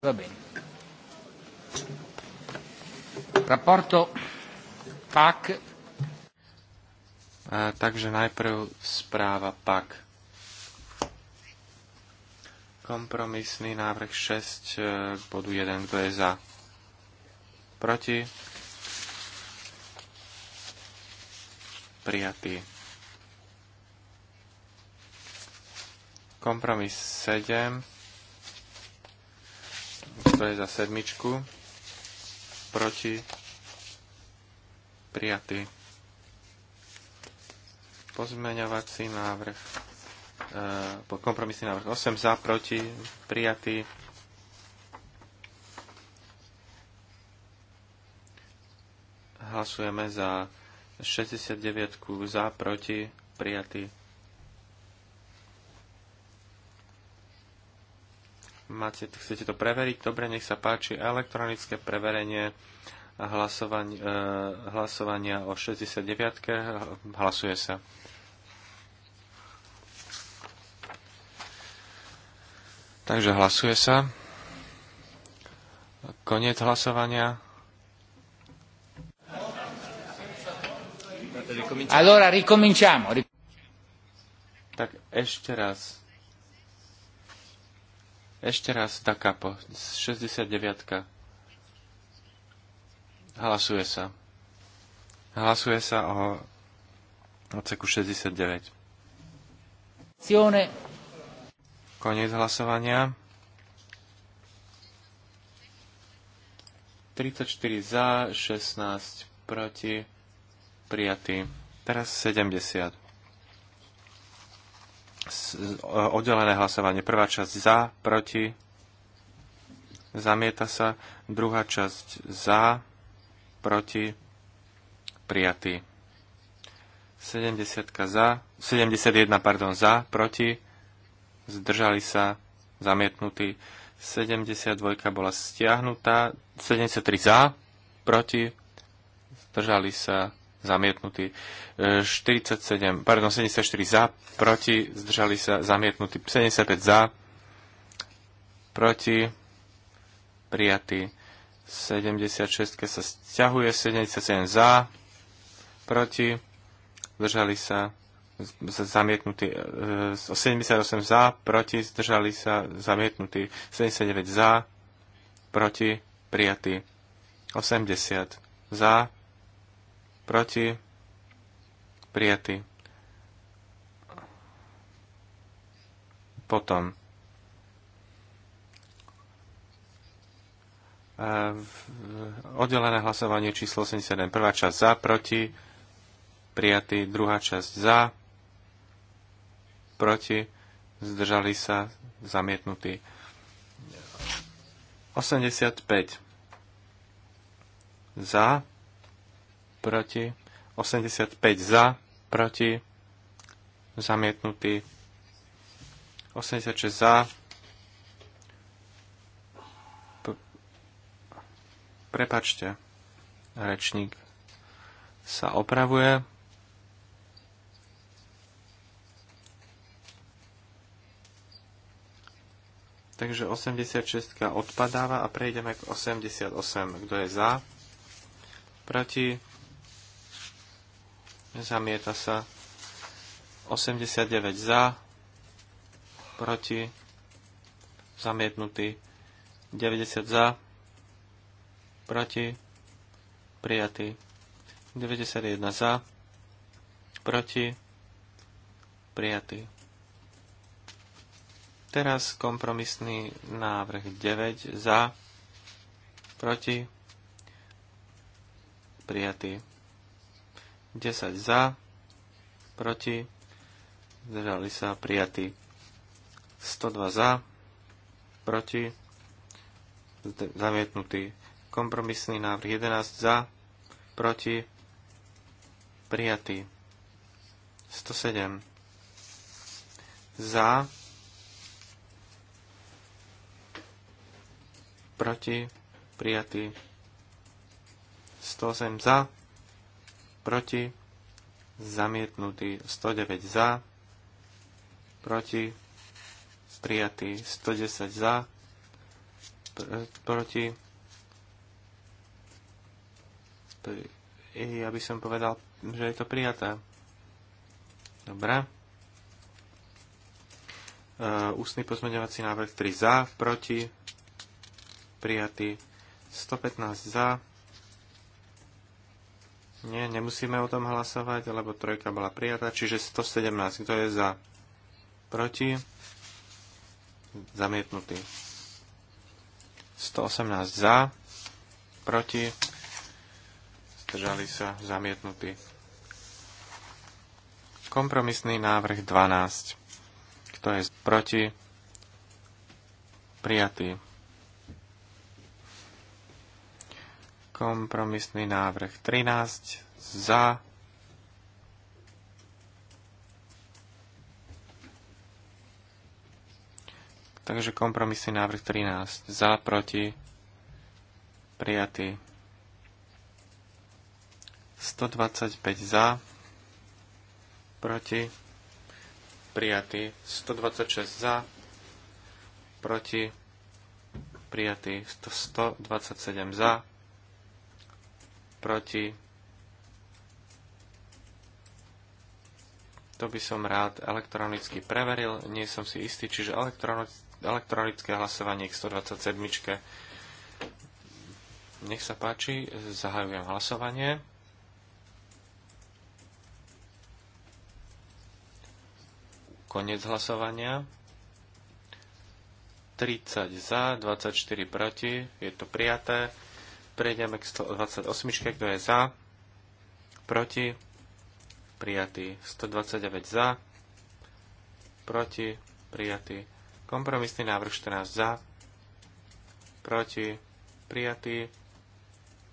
Va bene. Raporto PAC. A, takže najprv správa PAC. Kompromisný návrh 6 k e, bodu 1, kto je za. Proti. Prijatý. Kompromis 7 to je za sedmičku? Proti? Prijatý. Pozmeňovací návrh. E, kompromisný návrh 8 za, proti? Prijatý. Hlasujeme za 69 za, proti? Prijatý. Máte, chcete to preveriť? Dobre, nech sa páči. Elektronické preverenie hlasovania, e, hlasovania o 69. Hlasuje sa. Takže hlasuje sa. Koniec hlasovania. Allora ricominciamo. Tak ešte raz. Ešte raz Dakapo, 69. Hlasuje sa. Hlasuje sa o odseku 69. Koniec hlasovania. 34 za, 16 proti, prijatý. Teraz 70 oddelené hlasovanie. Prvá časť za, proti, zamieta sa. Druhá časť za, proti, prijatý. 70 za, 71, pardon, za, proti, zdržali sa, zamietnutí. 72 bola stiahnutá, 73 za, proti, zdržali sa, zamietnutý. 47, e, pardon, 74 za, proti, zdržali sa, zamietnutý. 75 za, proti, prijatý. 76 sa stiahuje, 77 e, za, proti, zdržali sa, zamietnutý, 78 za, proti, zdržali sa, zamietnutý, 79 za, proti, prijatý, 80 za, proti, prijatý. Potom e, oddelené hlasovanie číslo 81. Prvá časť za, proti, prijatý. Druhá časť za, proti, zdržali sa, zamietnutí. 85. Za, proti, 85 za, proti, zamietnutý, 86 za, prepačte, rečník sa opravuje. Takže 86 odpadáva a prejdeme k 88. Kto je za? Proti? Zamieta sa. 89 za. Proti. Zamietnutý. 90 za. Proti. Prijatý. 91 za. Proti. Prijatý. Teraz kompromisný návrh 9 za. Proti. Prijatý. 10 za, proti, zdržali sa prijatí 102 za, proti, zamietnutý kompromisný návrh 11 za, proti, prijatý 107 za, proti, prijatý 108 za, proti, zamietnutý 109 za, proti, prijatý 110 za, pr- proti, ja by som povedal, že je to prijaté. Dobre. E, ústny pozmeňovací návrh 3 za, proti, prijatý 115 za, nie, nemusíme o tom hlasovať, lebo trojka bola prijatá, čiže 117. Kto je za? Proti? Zamietnutý. 118 za, proti, zdržali sa, zamietnutý. Kompromisný návrh 12. Kto je proti? Prijatý. Kompromisný návrh 13 za. Takže kompromisný návrh 13 za, proti, prijatý. 125 za, proti, prijatý, 126 za, proti, prijatý, 127 za, proti. To by som rád elektronicky preveril, nie som si istý, čiže elektronické hlasovanie k 127. Nech sa páči, zahajujem hlasovanie. Konec hlasovania. 30 za, 24 proti, je to prijaté. Prejdeme k 128, kto je za, proti, prijatý. 129 za, proti, prijatý. Kompromisný návrh 14 za, proti, prijatý.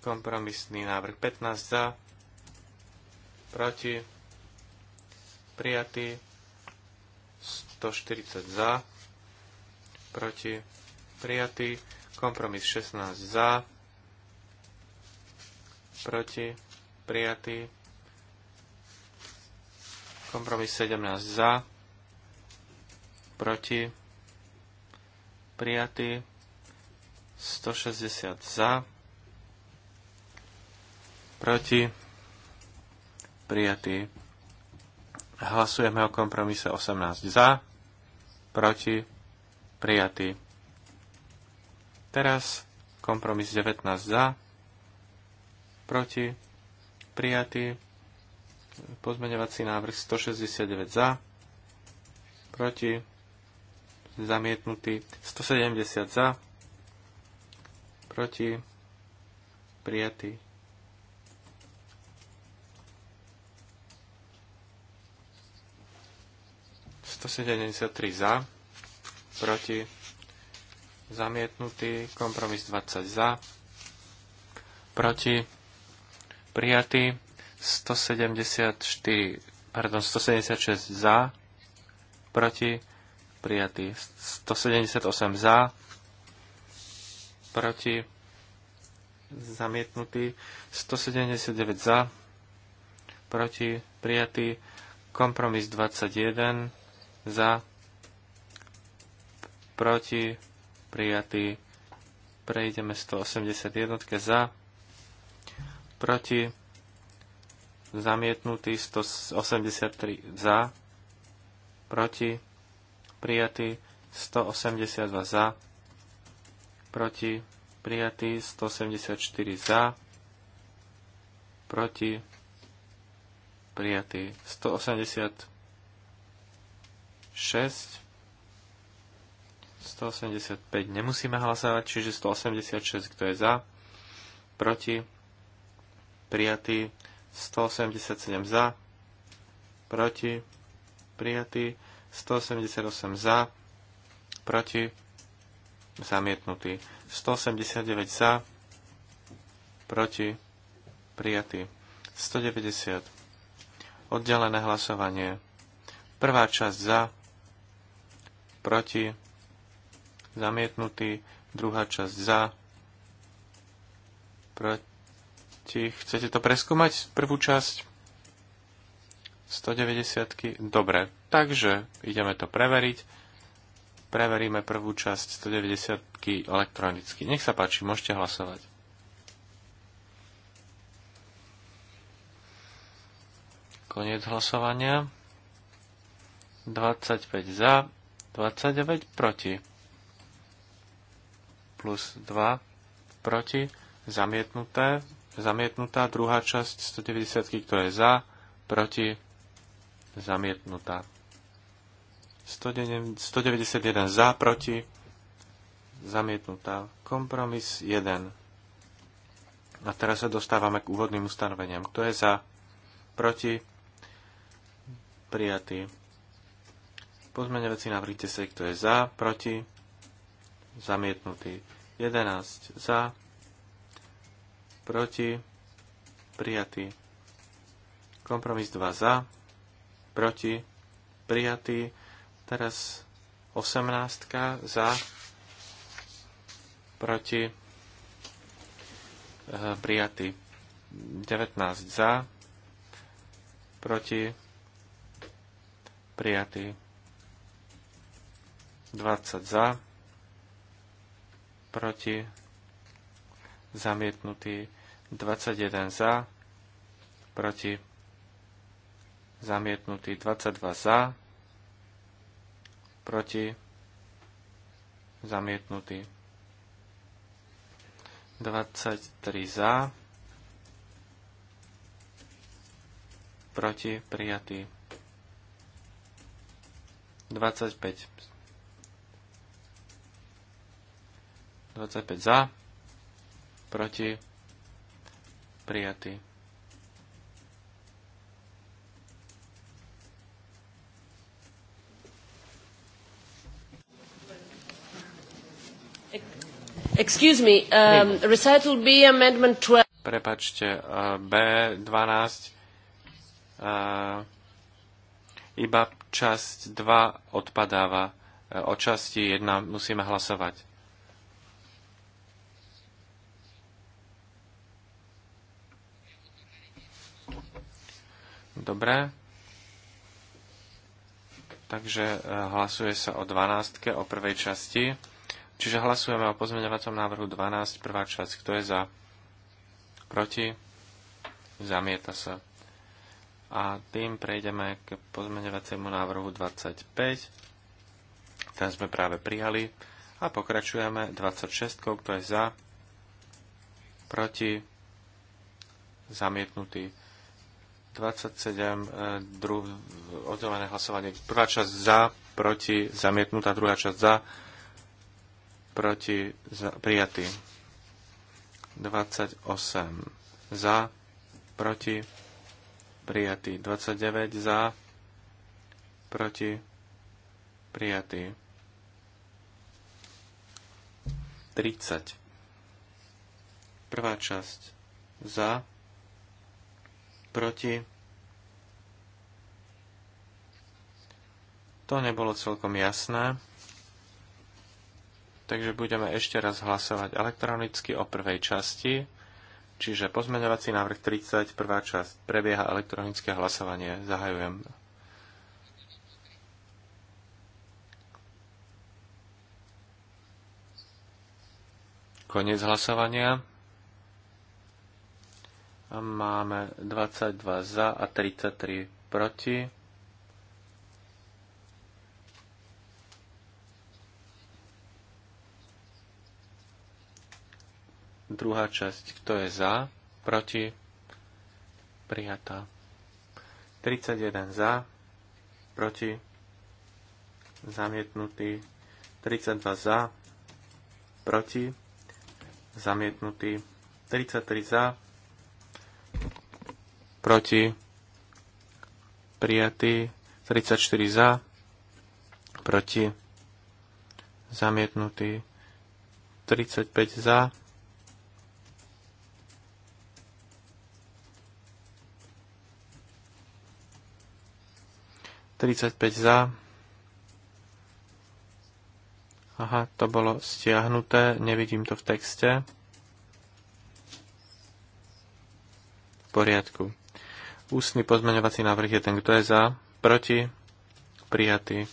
Kompromisný návrh 15 za, proti, prijatý. 140 za, proti, prijatý. Kompromis 16 za, proti, prijatý. Kompromis 17 za, proti, prijatý. 160 za, proti, prijatý. Hlasujeme o kompromise 18 za, proti, prijatý. Teraz kompromis 19 za, proti, prijatý, pozmeňovací návrh 169 za, proti, zamietnutý, 170 za, proti, prijatý. ...173 za, proti, zamietnutý, kompromis 20 za, proti, prijatý, 174, pardon, 176 za, proti, prijatý, 178 za, proti, zamietnutý, 179 za, proti, prijatý, kompromis 21 za, proti, prijatý, prejdeme 181 za, proti, zamietnutý 183 za, proti, prijatý 182 za, proti, prijatý 174 za, proti, prijatý 186 185 nemusíme hlasovať, čiže 186, kto je za, proti, prijatý. 187 za, proti, prijatý. 188 za, proti, zamietnutý. 189 za, proti, prijatý. 190. Oddelené hlasovanie. Prvá časť za, proti, zamietnutý. Druhá časť za, proti, Chcete to preskúmať, prvú časť? 190. Dobre, takže ideme to preveriť. Preveríme prvú časť 190 elektronicky. Nech sa páči, môžete hlasovať. Koniec hlasovania. 25 za, 29 proti. Plus 2 proti. Zamietnuté zamietnutá. Druhá časť 190, kto je za, proti, zamietnutá. 191 za, proti, zamietnutá. Kompromis 1. A teraz sa dostávame k úvodným ustanoveniam. Kto je za, proti, prijatý. na vrite sa, kto je za, proti, zamietnutý. 11 za, proti, prijatý. Kompromis 2 za, proti, prijatý. Teraz 18 eh, za, proti, prijatý. 19 za, proti, prijatý. 20 za, proti, zamietnutý. 21 za, proti zamietnutý 22 za, proti zamietnutý 23 za, proti prijatý 25 25 za, proti prijatý. Excuse me, um, recital B, amendment 12. Prepačte, uh, B12, uh, iba časť 2 odpadáva. Uh, o časti 1 musíme hlasovať. Dobre. Takže e, hlasuje sa o 12. o prvej časti. Čiže hlasujeme o pozmeňovacom návrhu 12, prvá časť. Kto je za? Proti? Zamieta sa. A tým prejdeme k pozmeňovaciemu návrhu 25. Ten sme práve prijali. A pokračujeme 26. Kto je za? Proti? Zamietnutý. 27, e, dru, oddelené hlasovanie. Prvá časť za, proti, zamietnutá, druhá časť za, proti, za, prijatý. 28 za, proti, prijatý. 29 za, proti, prijatý. 30. Prvá časť za, proti. To nebolo celkom jasné. Takže budeme ešte raz hlasovať elektronicky o prvej časti. Čiže pozmeňovací návrh 30, prvá časť, prebieha elektronické hlasovanie. Zahajujem. Koniec hlasovania. Máme 22 za a 33 proti. Druhá časť, kto je za, proti, prijatá. 31 za, proti, zamietnutý. 32 za, proti, zamietnutý. 33 za, proti, prijatý, 34 za, proti, zamietnutý, 35 za, Tridsaťpäť za. Aha, to bolo stiahnuté, nevidím to v texte. V poriadku. Ústny pozmeňovací návrh je ten, kto je za, proti, prijatý.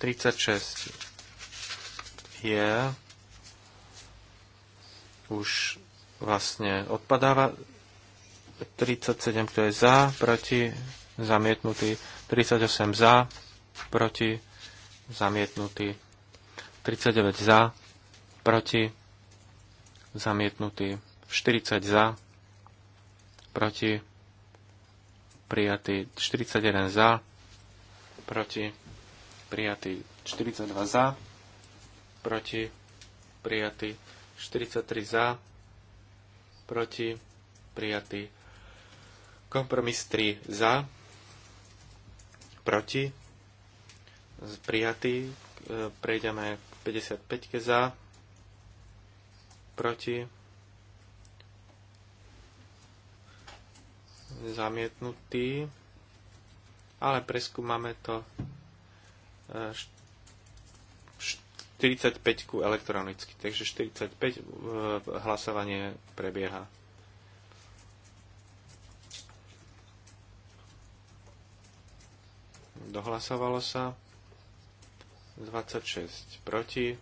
36 je už vlastne odpadáva. 37, kto je za, proti, zamietnutý. 38 za, proti, zamietnutý. 39 za, proti, zamietnutý. 40 za, proti, prijatý 41 za, proti, prijatý 42 za, proti, prijatý 43 za, proti, prijatý kompromis 3 za, proti, prijatý, e, prejdeme 55 za, proti, zamietnutý, ale preskúmame to 45 e, elektronicky, takže 45 e, hlasovanie prebieha. Dohlasovalo sa 26 proti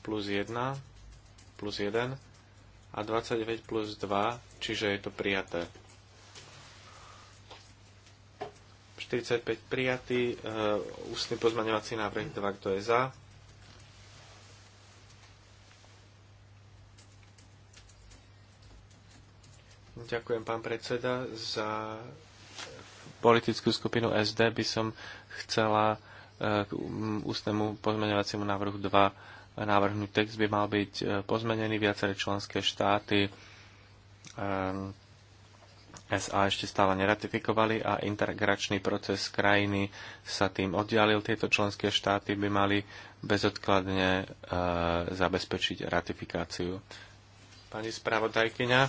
plus 1 plus 1 a 29 plus 2, čiže je to prijaté. 45 prijatý, eh, ústny pozmaňovací návrh 2, kto je za. Ďakujem, pán predseda, za politickú skupinu SD by som chcela eh, k ústnemu pozmeňovaciemu návrhu 2 návrhnú text by mal byť e, pozmenený. Viaceré členské štáty e, SA ešte stále neratifikovali a integračný proces krajiny sa tým oddialil. Tieto členské štáty by mali bezodkladne e, zabezpečiť ratifikáciu. Pani spravodajkyňa,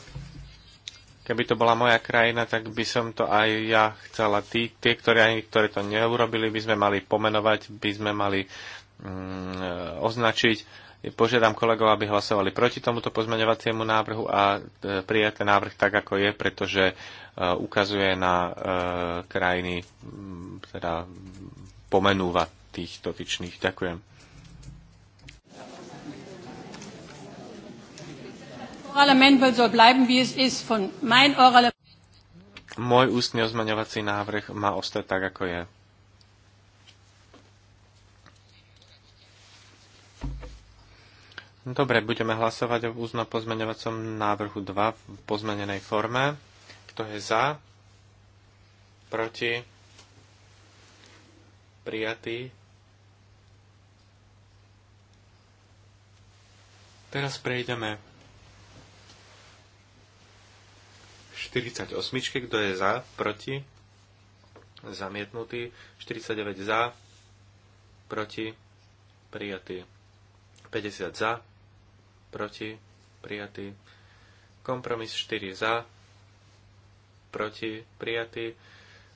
keby to bola moja krajina, tak by som to aj ja chcela. Tí, tie, ktoré, ktoré to neurobili, by sme mali pomenovať, by sme mali Mm, označiť. Požiadam kolegov, aby hlasovali proti tomuto pozmeňovaciemu návrhu a e, prijaté návrh tak, ako je, pretože e, ukazuje na e, krajiny, teda pomenúva tých dotyčných. Ďakujem. Môj ústny ozmeňovací návrh má ostať tak, ako je. Dobre, budeme hlasovať o úzno pozmeňovacom návrhu 2 v pozmenenej forme. Kto je za? Proti? Prijatý? Teraz prejdeme 48. Kto je za? Proti? Zamietnutý. 49 za? Proti? Prijatý. 50 za? proti, prijatý. Kompromis 4 za, proti, prijatý.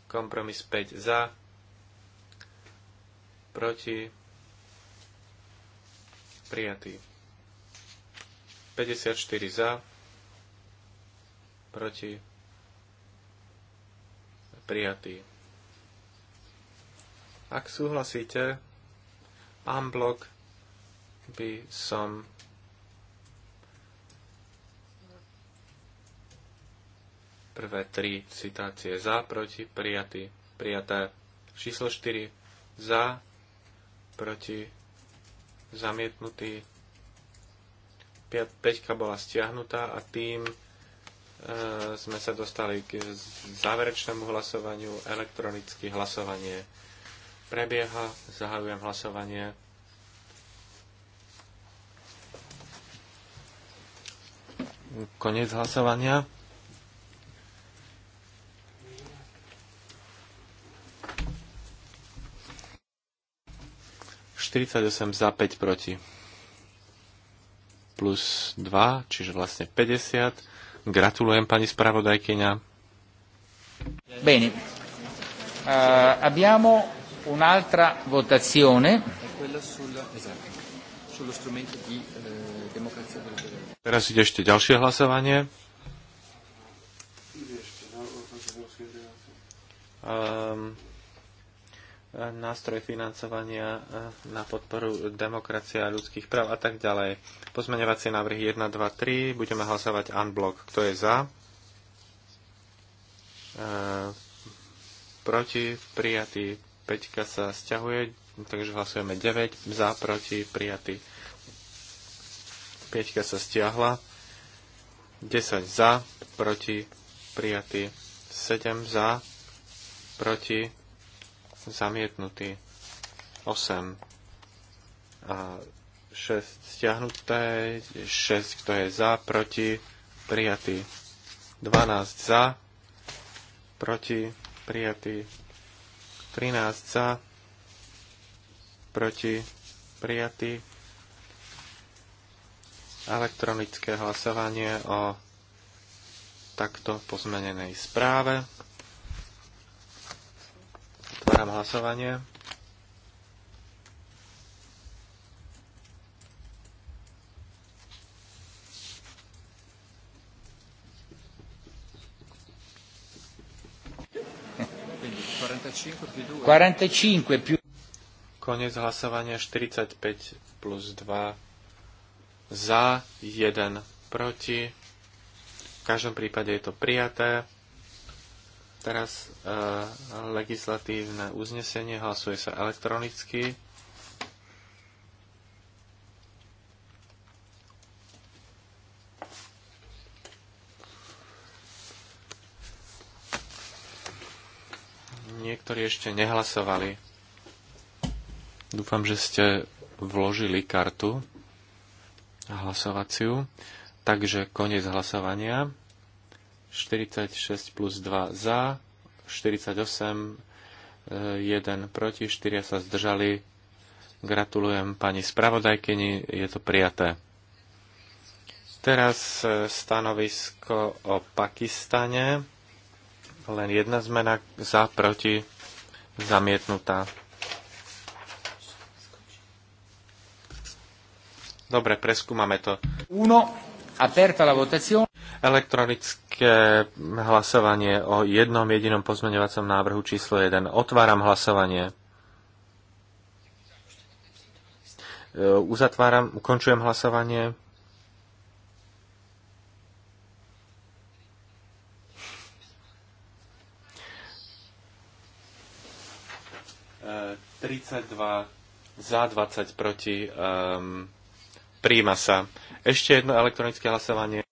Kompromis 5 za, proti, prijatý. 54 za, proti, prijatý. Ak súhlasíte, unblock by som Prvé tri citácie za, proti, prijatý, prijaté. Číslo 4 za, proti, zamietnutý. 5 bola stiahnutá a tým e, sme sa dostali k záverečnému hlasovaniu. Elektronicky hlasovanie prebieha. Zahajujem hlasovanie. Koniec hlasovania. 48 za 5 proti. Plus 2, čiže vlastne 50. Gratulujem pani spravodajkyňa. Bene. Uh, abbiamo un'altra votazione. Eh, Teraz ide ešte ďalšie hlasovanie. Um, nástroj financovania e, na podporu demokracie a ľudských práv a tak ďalej. Pozmeňovacie návrhy 1, 2, 3. Budeme hlasovať unblock. Kto je za? E, proti prijatý Peťka sa stiahuje, takže hlasujeme 9. Za, proti, prijatý Peťka sa stiahla. 10 za, proti, prijatý 7 za, proti, zamietnutý. 8 a 6 stiahnuté, 6 kto je za, proti, prijatý. 12 za, proti, prijatý. 13 za, proti, prijatý. Elektronické hlasovanie o takto pozmenenej správe. Otváram hlasovanie. Konec hlasovania 45 plus 2 za 1 proti. V každom prípade je to prijaté. Teraz e, legislatívne uznesenie hlasuje sa elektronicky. Niektorí ešte nehlasovali. Dúfam, že ste vložili kartu hlasovaciu. Takže koniec hlasovania. 46 plus 2 za, 48, 1 e, proti, 4 sa zdržali. Gratulujem pani spravodajkyni, je to prijaté. Teraz e, stanovisko o Pakistane. Len jedna zmena za, proti, zamietnutá. Dobre, preskúmame to. Uno. Aperta la votazione. Elektronické hlasovanie o jednom jedinom pozmeňovacom návrhu číslo 1. Otváram hlasovanie. E, uzatváram, ukončujem hlasovanie. Uh, e, 32 za 20 proti. Um, ehm, príjma sa. Ešte jedno elektronické hlasovanie.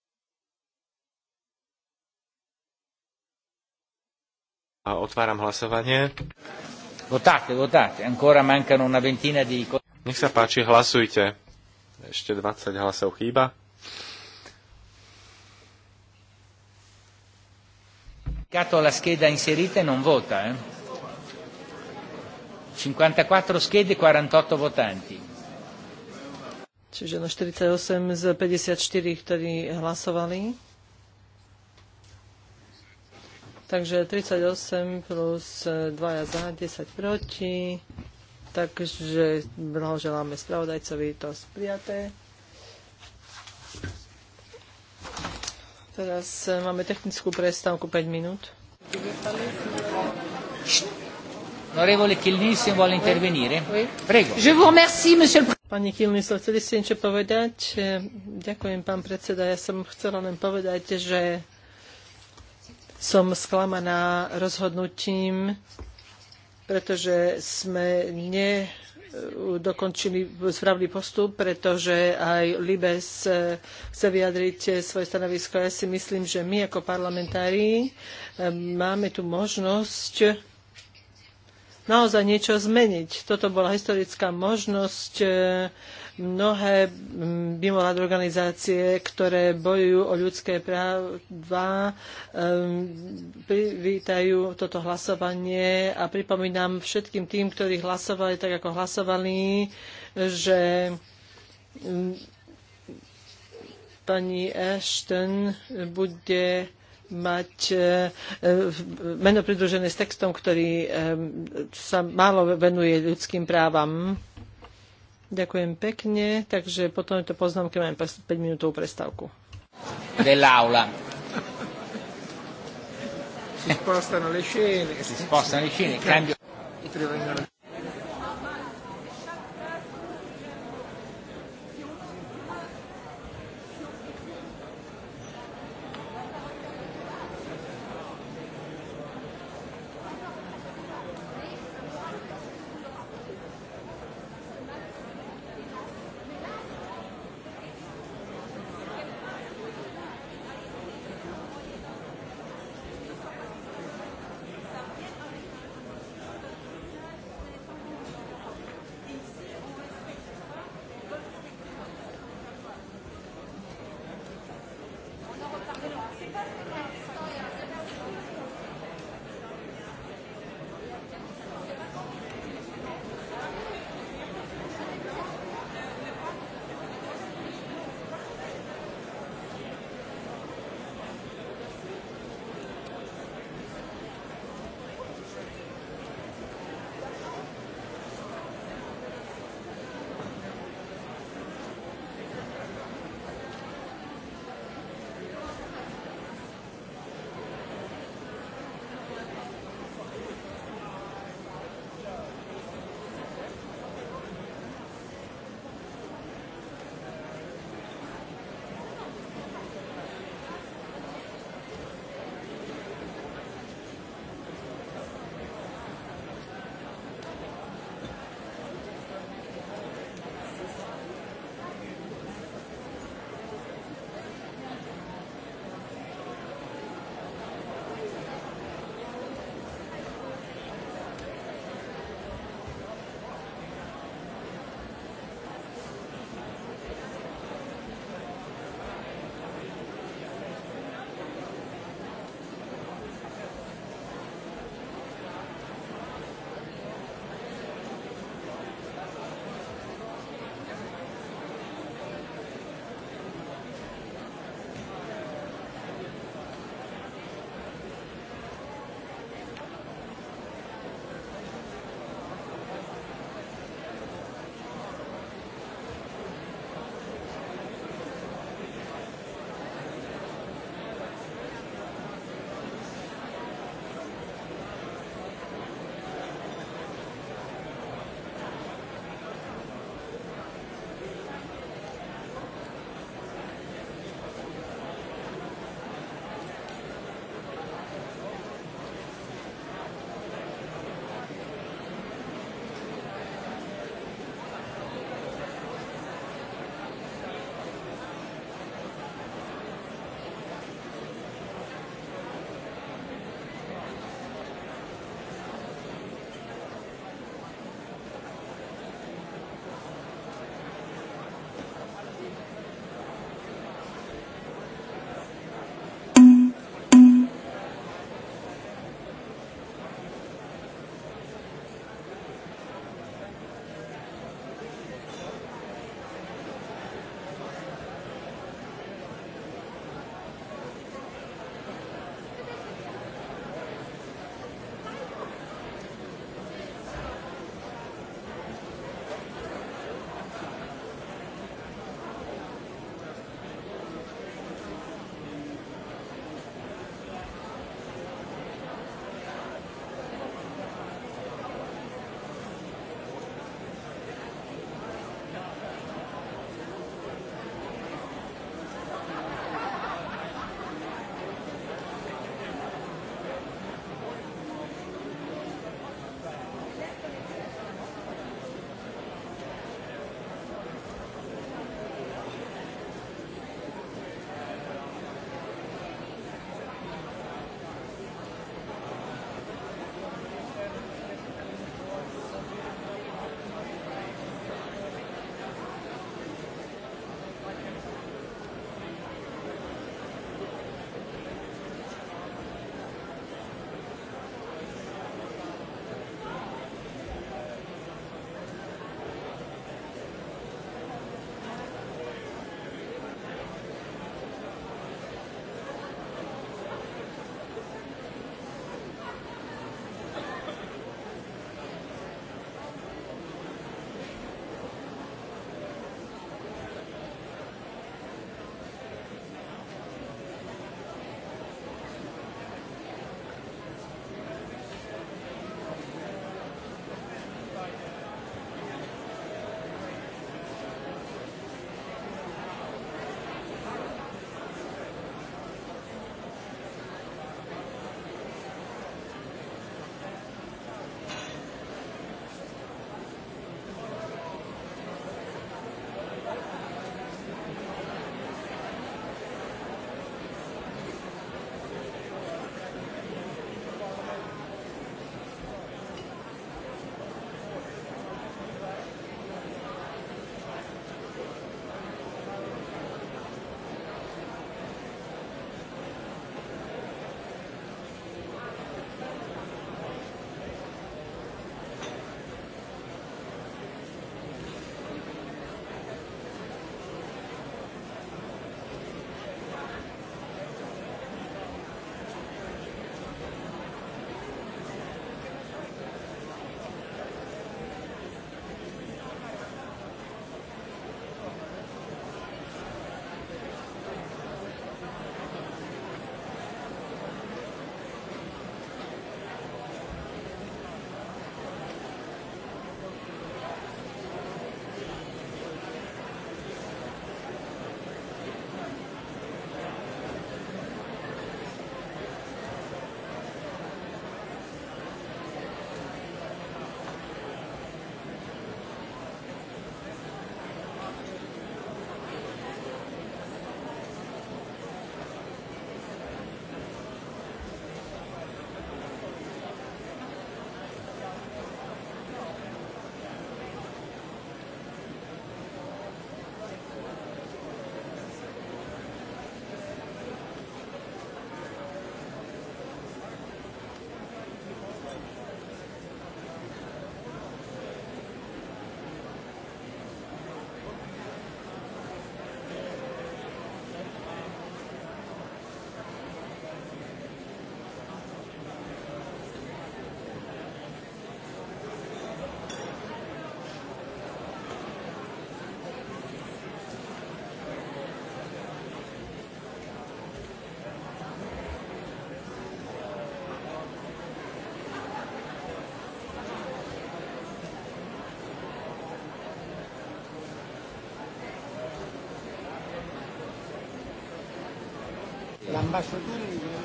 A otváram hlasovanie. Votate, votate. Ancora mancano una ventina di... Nech sa páči, hlasujte. Ešte 20 hlasov chýba. Cato la scheda inserita e non vota. Eh? 54 schede, 48 e votanti. Čiže na 48 z 54, ktorí hlasovali. Takže 38 plus 2 za, 10 proti. Takže blahoželáme spravodajcovi to sprijaté. Teraz máme technickú prestávku 5 minút. Onorevole vuole intervenire. Prego. Je vous remercie, monsieur le Pani Kilniso, chceli ste niečo povedať? E, ďakujem, pán predseda. Ja som chcela len povedať, že som sklamaná rozhodnutím, pretože sme ne e, dokončili, spravili postup, pretože aj Libes e, chce vyjadriť svoje stanovisko. Ja si myslím, že my ako parlamentári máme tu možnosť naozaj niečo zmeniť. Toto bola historická možnosť. E, mnohé mimovládne organizácie, ktoré bojujú o ľudské práva, e, privítajú toto hlasovanie a pripomínam všetkým tým, ktorí hlasovali tak, ako hlasovali, že pani Ashton bude mať e, meno pridružené s textom, ktorý e, sa málo venuje ľudským právam. Ďakujem pekne, takže po tomto poznámke máme 5 minútovú prestávku. Dell'aula. Si spostano le scene. Si spostano le scene, cambio.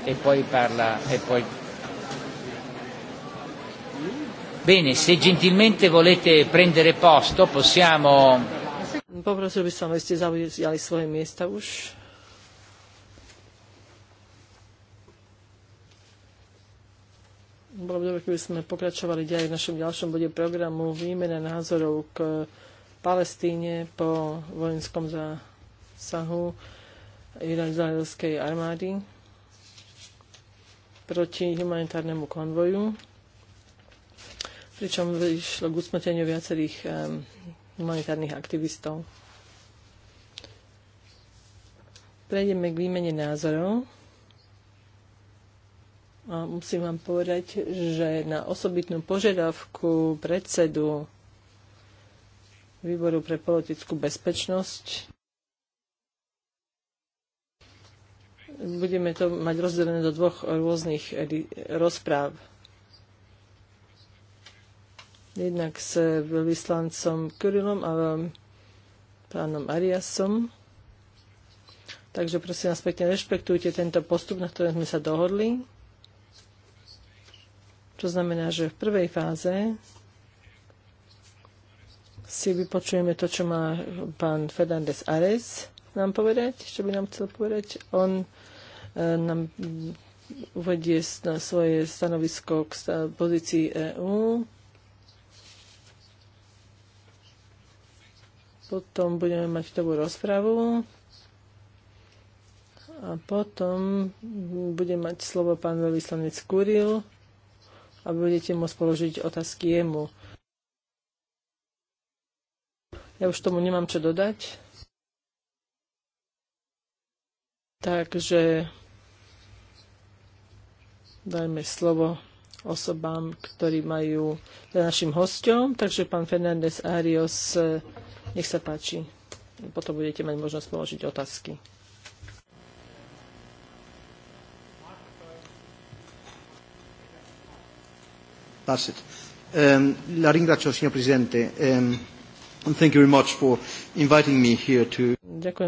e poi parla e poi Bene, se gentilmente volete prendere posto, possiamo Poprosil by som, aby ste zaujali svoje miesta už. Bolo by dobre, keby sme pokračovali ďalej v našom ďalšom bode programu výmena názorov k Palestíne po vojenskom zásahu izraelskej armády proti humanitárnemu konvoju, pričom vyšlo k usmrteniu viacerých humanitárnych aktivistov. Prejdeme k výmene názorov. A musím vám povedať, že na osobitnú požiadavku predsedu Výboru pre politickú bezpečnosť budeme to mať rozdelené do dvoch rôznych rozpráv. Jednak s vyslancom Kurilom a um, pánom Ariasom. Takže prosím vás pekne, rešpektujte tento postup, na ktorom sme sa dohodli. To znamená, že v prvej fáze si vypočujeme to, čo má pán Fernández Ares nám povedať, čo by nám chcel povedať. On E, nám uvedie na svoje stanovisko k pozícii EÚ. Potom budeme mať novú rozpravu. A potom bude mať slovo pán veľvyslanec Kuril a budete môcť položiť otázky jemu. Ja už tomu nemám čo dodať. Takže dajme slovo osobám, ktorí majú za našim hosťom. Takže pán Fernández Arios, nech sa páči. Potom budete mať možnosť položiť otázky. Passet. Um, ehm, la ringrazio, signor Presidente. Um, Ďakujem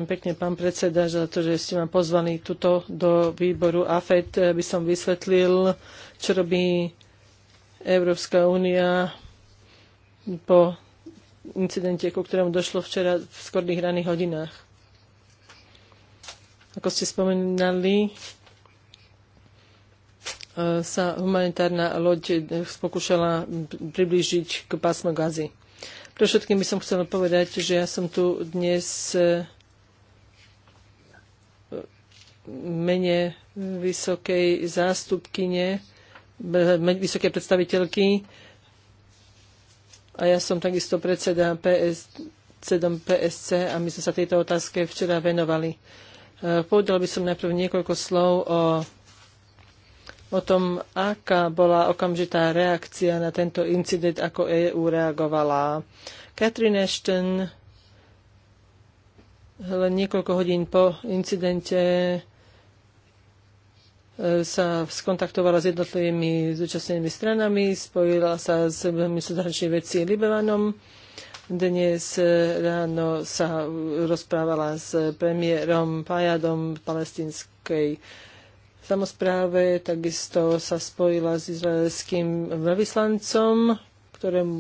pekne, pán predseda, za to, že ste ma pozvali tuto do výboru AFET, aby som vysvetlil, čo robí Európska únia po incidente, ku ktorému došlo včera v skorných ranných hodinách. Ako ste spomínali, e, sa humanitárna loď e, pokúšala priblížiť k pásmu Gazy. Pre všetkým by som chcela povedať, že ja som tu dnes e, mene vysokej zástupkyne, e, vysokej predstaviteľky a ja som takisto predseda PS, PSC a my sme sa tejto otázke včera venovali. E, povedal by som najprv niekoľko slov o o tom, aká bola okamžitá reakcia na tento incident, ako EÚ reagovala. Catherine Ashton len niekoľko hodín po incidente e, sa skontaktovala s jednotlivými zúčastnenými stranami, spojila sa s zahraničných veci Libevanom. Dnes ráno sa rozprávala s premiérom Pajadom palestinskej samozpráve, takisto sa spojila s izraelským veľvyslancom, ktorému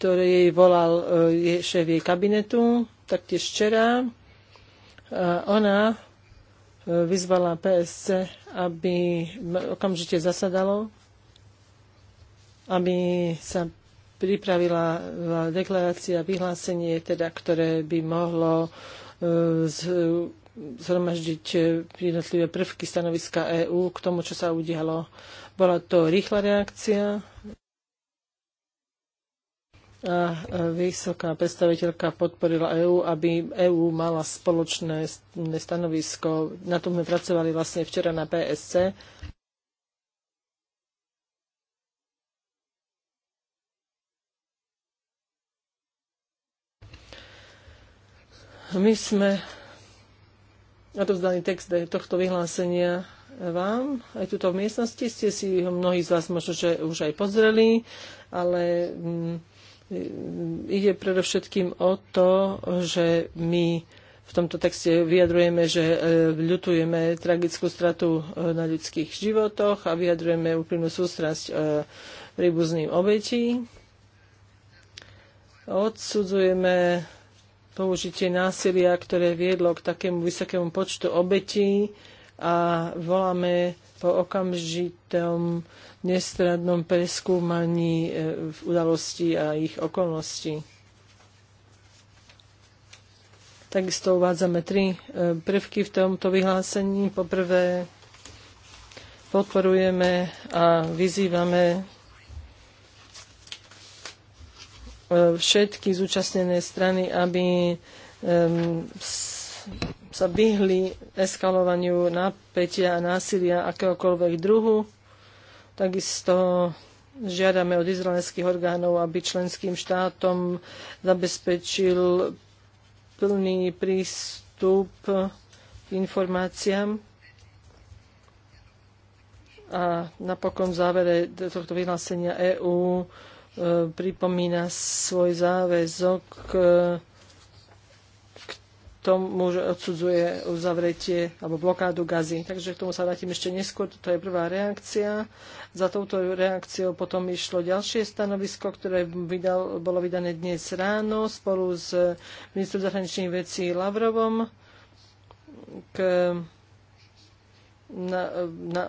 ktoré jej volal eh, je, šéf jej kabinetu, taktiež včera. A eh, ona eh, vyzvala PSC, aby okamžite zasadalo, aby sa pripravila deklarácia, vyhlásenie, teda, ktoré by mohlo z, zhromaždiť eh, jednotlivé prvky stanoviska EÚ k tomu, čo sa udialo. Bola to rýchla reakcia a vysoká predstaviteľka podporila EÚ, aby EÚ mala spoločné stanovisko. Na tom sme pracovali vlastne včera na PSC. My sme odovzdaný text tohto vyhlásenia vám. Aj tuto v miestnosti ste si ho mnohí z vás možno, že už aj pozreli, ale mm, ide predovšetkým o to, že my v tomto texte vyjadrujeme, že e, ľutujeme tragickú stratu e, na ľudských životoch a vyjadrujeme úplnú sústrasť e, príbuzným obetí. Odsudzujeme použitie násilia, ktoré viedlo k takému vysokému počtu obetí a voláme po okamžitom nestradnom preskúmaní e, v udalosti a ich okolností. Takisto uvádzame tri e, prvky v tomto vyhlásení. Poprvé podporujeme a vyzývame E, všetky zúčastnené strany, aby sa vyhli eskalovaniu napätia a násilia akéhokoľvek druhu. Takisto žiadame od izraelských orgánov, aby členským štátom zabezpečil plný prístup k informáciám. A napokon v závere tohto vyhlásenia EÚ E, pripomína svoj záväzok k tomu, že odsudzuje uzavretie alebo blokádu gazy. Takže k tomu sa vrátim ešte neskôr. Toto je prvá reakcia. Za touto reakciou potom išlo ďalšie stanovisko, ktoré vydal, bolo vydané dnes ráno spolu s ministrom zahraničných vecí Lavrovom k na, na,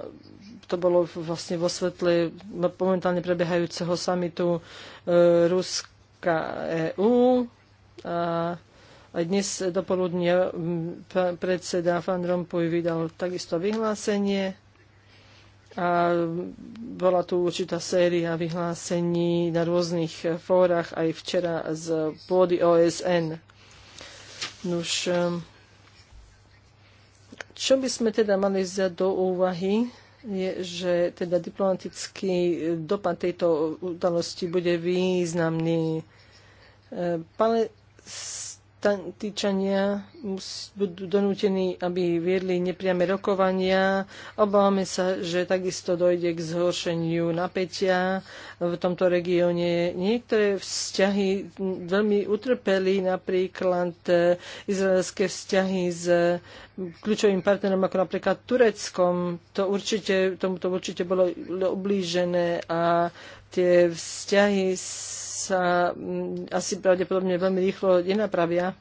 to bolo vlastne vo svetle momentálne prebiehajúceho samitu e, Ruska EU. A dnes dopoludne predseda Van Rompuy vydal takisto vyhlásenie a bola tu určitá séria vyhlásení na rôznych fórach aj včera z pôdy OSN. Nuž, e, čo by sme teda mali vziať do úvahy je, že teda diplomatický dopad tejto udalosti bude významný. E, Pane, Týčania budú donútení, aby viedli nepriame rokovania. Obávame sa, že takisto dojde k zhoršeniu napätia v tomto regióne. Niektoré vzťahy veľmi utrpeli, napríklad e, izraelské vzťahy s kľúčovým partnerom ako napríklad Tureckom. To určite, tomuto určite bolo oblížené a tie vzťahy sa mm, asi pravdepodobne veľmi rýchlo nenapravia.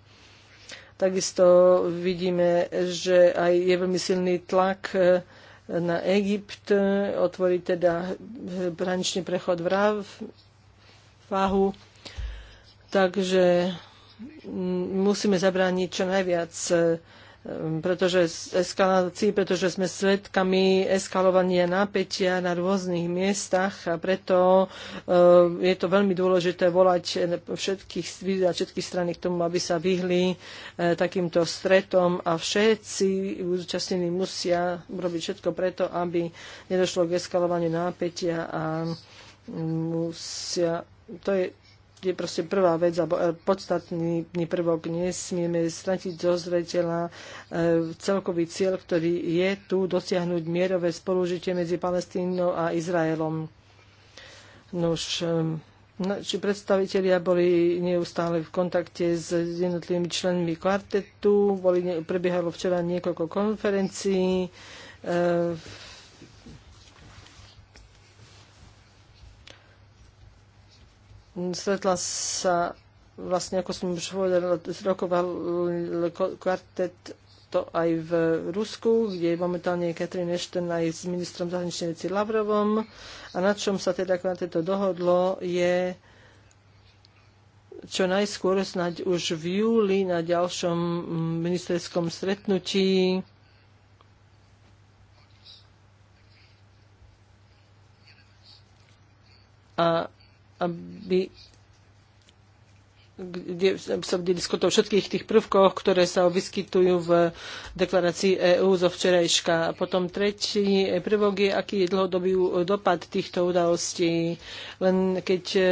Takisto vidíme, že aj je veľmi silný tlak e, na Egypt, e, otvorí teda e, hraničný prechod v Rávahu. Takže mm, musíme zabrániť čo najviac Ehm, pretože eskalácii, pretože sme svedkami eskalovania napätia na rôznych miestach a preto ehm, je to veľmi dôležité volať všetkých, a všetky strany k tomu, aby sa vyhli e, takýmto stretom a všetci účastnení musia robiť všetko preto, aby nedošlo k eskalovaniu napätia a musia to je je proste prvá vec, alebo e, podstatný prvok. Nesmieme stratiť zo zreteľa e, celkový cieľ, ktorý je tu dosiahnuť mierové spolužitie medzi Palestínou a Izraelom. Nož, e, naši predstavitelia boli neustále v kontakte s jednotlivými členmi kvartetu, boli, prebiehalo včera niekoľko konferencií, e, stretla sa vlastne, ako som už povedala, zrokoval kvartet to aj v Rusku, kde je momentálne Katrin Ešten aj s ministrom zahraničnej veci Lavrovom. A na čom sa teda to dohodlo je čo najskôr snáď už v júli na ďalšom ministerskom stretnutí a aby kde som diskutoval o všetkých tých prvkoch, ktoré sa vyskytujú v deklarácii EÚ zo včerajška. A potom tretí prvok je, aký je dlhodobý dopad týchto udalostí. Len keď e, e,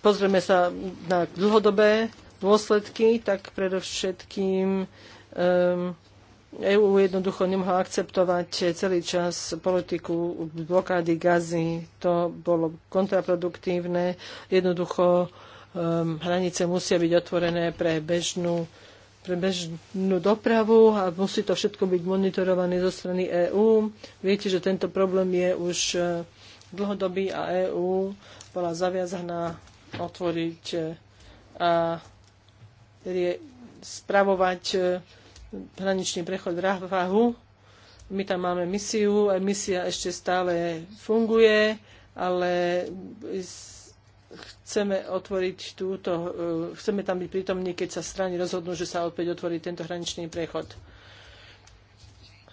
pozrieme sa na dlhodobé dôsledky, tak predovšetkým e, EÚ jednoducho nemohla akceptovať celý čas politiku blokády gazy. To bolo kontraproduktívne. Jednoducho um, hranice musia byť otvorené pre bežnú pre bežnú dopravu a musí to všetko byť monitorované zo strany EÚ. Viete, že tento problém je už uh, dlhodobý a EÚ bola zaviazaná otvoriť uh, a spravovať uh, hraničný prechod Rahvahu. My tam máme misiu, a misia ešte stále funguje, ale chceme otvoriť túto, e, chceme tam byť prítomní, keď sa strany rozhodnú, že sa opäť otvorí tento hraničný prechod.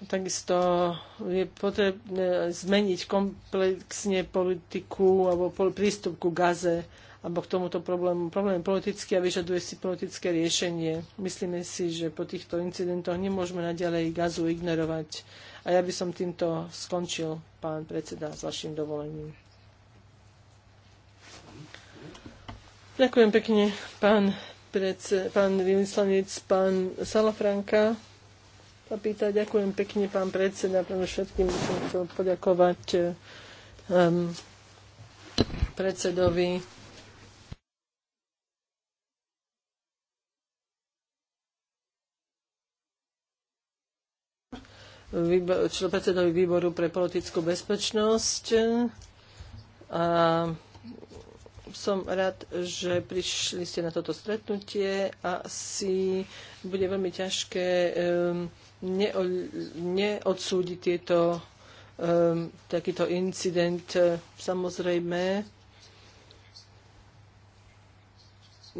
Takisto je potrebné zmeniť komplexne politiku alebo prístup ku gaze alebo k tomuto problému. Problém politický a vyžaduje si politické riešenie. Myslíme si, že po týchto incidentoch nemôžeme naďalej gazu ignorovať. A ja by som týmto skončil, pán predseda, s vašim dovolením. Ďakujem pekne, pán, predse, pán vyslanec, pán Salafranka. Papíta, ďakujem pekne, pán predseda. Pre všetkým by som chcel poďakovať um, predsedovi výbor, predsedovi výboru pre politickú bezpečnosť. A som rád, že prišli ste na toto stretnutie a si bude veľmi ťažké ehm, neo, neodsúdiť tieto, ehm, takýto incident. Samozrejme,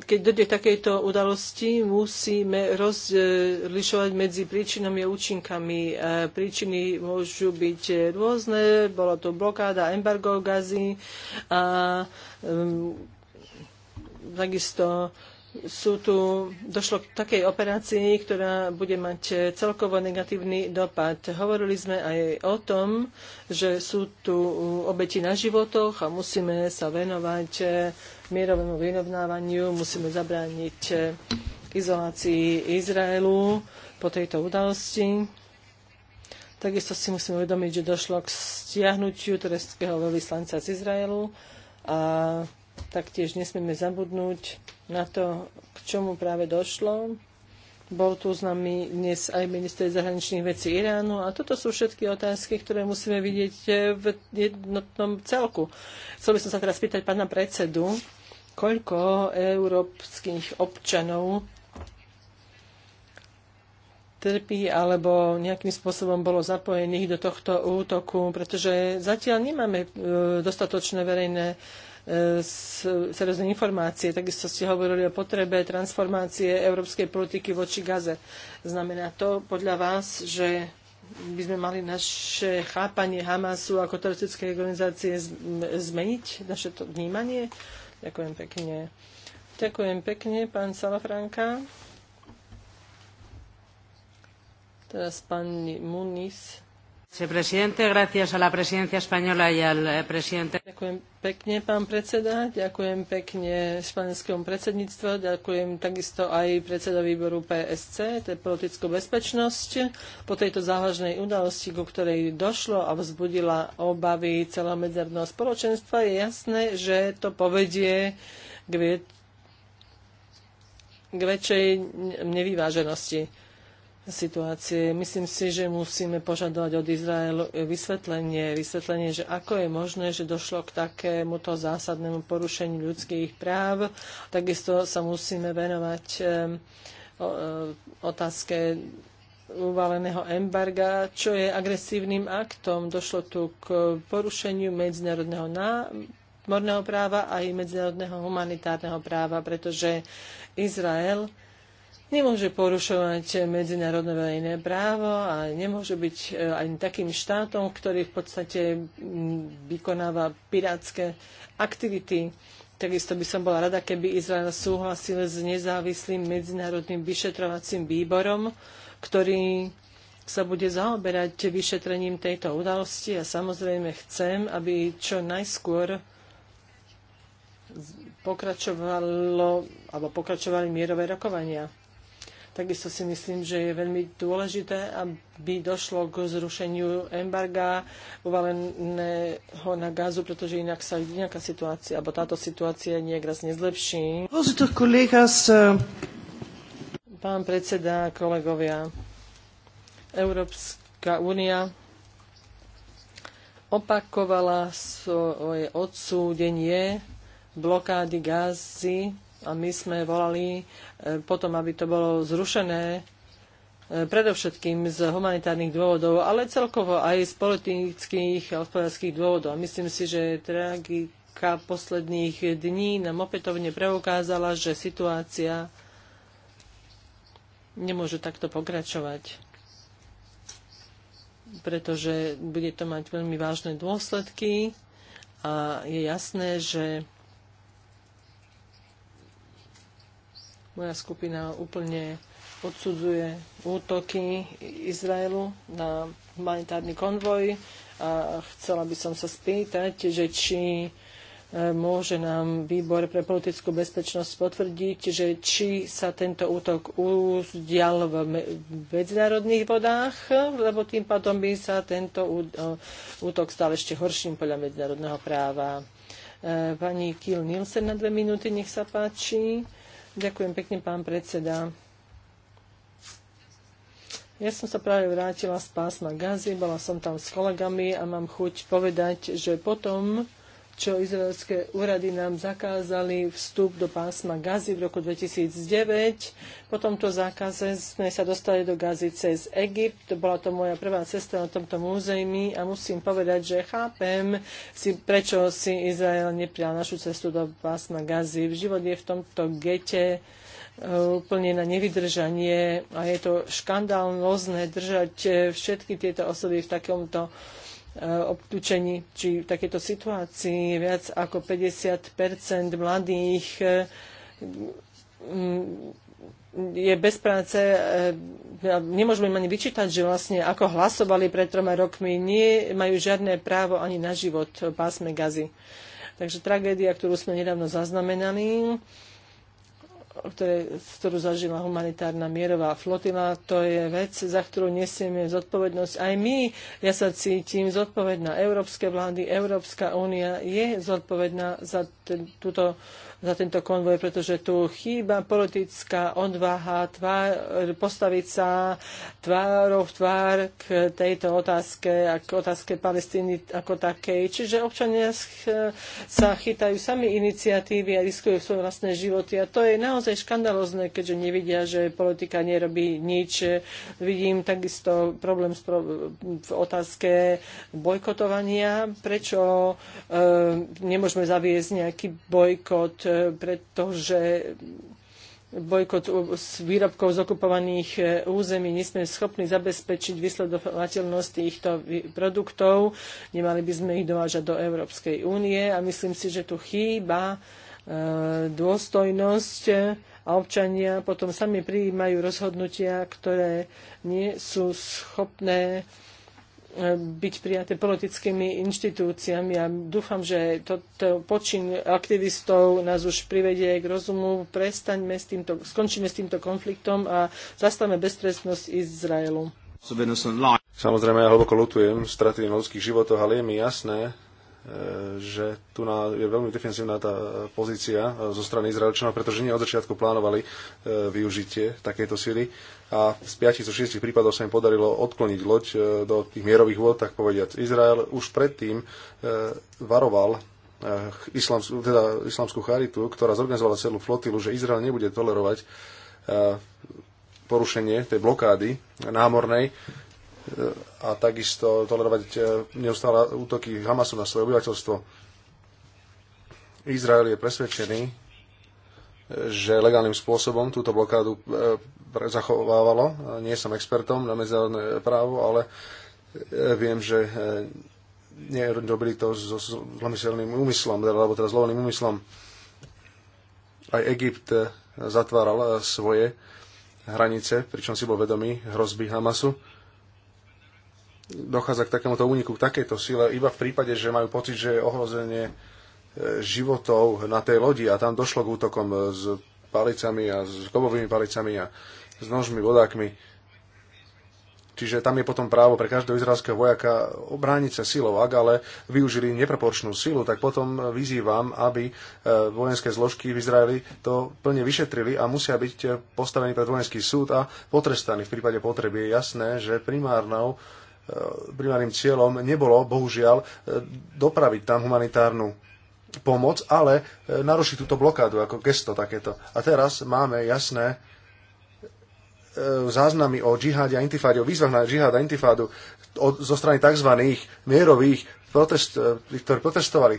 keď dojde k takejto udalosti, musíme rozlišovať medzi príčinami a účinkami. E, príčiny môžu byť rôzne, bola to blokáda, embargo gazy a um, takisto sú tu, došlo k takej operácii, ktorá bude mať celkovo negatívny dopad. Hovorili sme aj o tom, že sú tu obeti na životoch a musíme sa venovať eh, mierovému vyrovnávaniu, musíme zabrániť eh, izolácii Izraelu po tejto udalosti. Takisto si musíme uvedomiť, že došlo k stiahnutiu tureckého veľvyslanca z Izraelu a taktiež nesmieme zabudnúť na to, k čomu práve došlo. Bol tu s nami dnes aj minister zahraničných vecí Iránu a toto sú všetky otázky, ktoré musíme vidieť v jednotnom celku. Chcel by som sa teraz pýtať pána predsedu, koľko európskych občanov trpí alebo nejakým spôsobom bolo zapojených do tohto útoku, pretože zatiaľ nemáme e, dostatočné verejné seriózne informácie. Takisto ste hovorili o potrebe transformácie európskej politiky voči Gaze. Znamená to podľa vás, že by sme mali naše chápanie Hamasu ako teroristické organizácie zmeniť, naše to vnímanie? Ďakujem pekne. Ďakujem pekne, pán Salafranka. Teraz pán Muniz. Eh, ďakujem pekne, pán predseda. Ďakujem pekne španielskému predsedníctvu. Ďakujem takisto aj predseda výboru PSC, to je politickú bezpečnosť. Po tejto závažnej udalosti, ku ktorej došlo a vzbudila obavy celého medzerného spoločenstva, je jasné, že to povedie k, väč- k väčšej nevyváženosti situácie. Myslím si, že musíme požadovať od Izraelu vysvetlenie, vysvetlenie, že ako je možné, že došlo k takémuto zásadnému porušeniu ľudských práv. Takisto sa musíme venovať e, otázke uvaleného embarga, čo je agresívnym aktom. Došlo tu k porušeniu medzinárodného námorného práva a aj medzinárodného humanitárneho práva, pretože Izrael nemôže porušovať medzinárodné verejné právo a nemôže byť e, ani takým štátom, ktorý v podstate vykonáva pirátske aktivity. Takisto by som bola rada, keby Izrael súhlasil s nezávislým medzinárodným vyšetrovacím výborom, ktorý sa bude zaoberať vyšetrením tejto udalosti a samozrejme chcem, aby čo najskôr pokračovalo, alebo pokračovali mierové rokovania. Takisto si myslím, že je veľmi dôležité, aby došlo k zrušeniu embarga uvaleného na gazu, pretože inak sa nejaká situácia, alebo táto situácia nejak raz nezlepší. Eh, Pán predseda, kolegovia, Európska únia opakovala svoje odsúdenie blokády gazy a my sme volali e, potom, aby to bolo zrušené e, predovšetkým z humanitárnych dôvodov, ale celkovo aj z politických a hospodárskych dôvodov. A myslím si, že tragika posledných dní nám opätovne preukázala, že situácia nemôže takto pokračovať pretože bude to mať veľmi vážne dôsledky a je jasné, že Moja skupina úplne odsudzuje útoky Izraelu na humanitárny konvoj a chcela by som sa spýtať, že či e, môže nám výbor pre politickú bezpečnosť potvrdiť, že či sa tento útok udial v medzinárodných vodách, lebo tým pádom by sa tento e, útok stal ešte horším podľa medzinárodného práva. E, pani Kiel Nielsen na dve minúty, nech sa páči. Ďakujem pekne, pán predseda. Ja som sa práve vrátila z pásma Gazy, bola som tam s kolegami a mám chuť povedať, že potom, čo izraelské úrady nám zakázali vstup do pásma Gazy v roku 2009. Po tomto zákaze sme sa dostali do Gazy cez Egypt. Bola to moja prvá cesta na tomto múzeumi a musím povedať, že chápem si, prečo si Izrael neprijal našu cestu do pásma Gazy. V život je v tomto gete e, úplne na nevydržanie a je to škandálnozne držať e, všetky tieto osoby v takomto Eh, obtúčení či v takéto situácii. Viac ako 50 mladých eh, je bez práce, eh, nemôžeme im ani vyčítať, že vlastne ako hlasovali pred troma rokmi, nie majú žiadne právo ani na život pásme gazy. Takže tragédia, ktorú sme nedávno zaznamenali, ktoré, ktorú zažila humanitárna mierová flotila, to je vec, za ktorú nesieme zodpovednosť aj my. Ja sa cítim zodpovedná. Európske vlády, Európska únia je zodpovedná za, ten, túto, za tento konvoj, pretože tu chýba politická odvaha tvár, postaviť sa tvárov v tvár k tejto otázke a k otázke Palestíny ako takej. Čiže občania sa chytajú sami iniciatívy a riskujú svoje vlastné životy a to je naozaj naozaj škandalozne, keďže nevidia, že politika nerobí nič. Vidím takisto problém v otázke bojkotovania. Prečo e, nemôžeme zaviesť nejaký bojkot, e, pretože bojkot výrobkov z okupovaných e, území. Nie sme schopní zabezpečiť vysledovateľnosť týchto produktov. Nemali by sme ich dovážať do Európskej únie a myslím si, že tu chýba E, dôstojnosť a občania potom sami prijímajú rozhodnutia, ktoré nie sú schopné e, byť prijaté politickými inštitúciami a ja dúfam, že toto počin aktivistov nás už privedie k rozumu. Prestaňme s týmto, skončíme s týmto konfliktom a zastavme beztrestnosť Izraelu. Samozrejme, ja hlboko lutujem straty v ľudských životoch, ale je mi jasné, že tu je veľmi defensívna tá pozícia e, zo strany Izraelčanov, pretože nie od začiatku plánovali e, využitie takéto sily a z 5 zo 6 prípadov sa im podarilo odkloniť loď e, do tých mierových vôd, tak povediať. Izrael už predtým varoval islamskú, teda islamskú charitu, ktorá zorganizovala celú flotilu, že Izrael nebude tolerovať porušenie tej blokády námornej a takisto tolerovať e, neustále útoky Hamasu na svoje obyvateľstvo. Izrael je presvedčený, e, že legálnym spôsobom túto blokádu e, zachovávalo. Nie som expertom na medzinárodné právo, ale viem, že nerobili to so zlomyselným úmyslom, teda, alebo teda zloveným úmyslom. Aj Egypt zatváral svoje hranice, pričom si bol vedomý hrozby Hamasu dochádza k takémuto úniku, k takejto sile, iba v prípade, že majú pocit, že je ohrozenie e, životov na tej lodi a tam došlo k útokom s palicami a s kovovými palicami a s nožmi, vodákmi. Čiže tam je potom právo pre každého izraelského vojaka obrániť sa silou. Ak ale využili neproporčnú silu, tak potom vyzývam, aby e, vojenské zložky v Izraeli to plne vyšetrili a musia byť postavení pred vojenský súd a potrestaní v prípade potreby. Je jasné, že primárnou E, primárnym cieľom nebolo, bohužiaľ, e, dopraviť tam humanitárnu pomoc, ale e, narušiť túto blokádu ako gesto takéto. A teraz máme jasné záznamy o džihade a intifáde, o výzvach na džihad a intifádu od, zo strany tzv. mierových, protest, ktorí protestovali.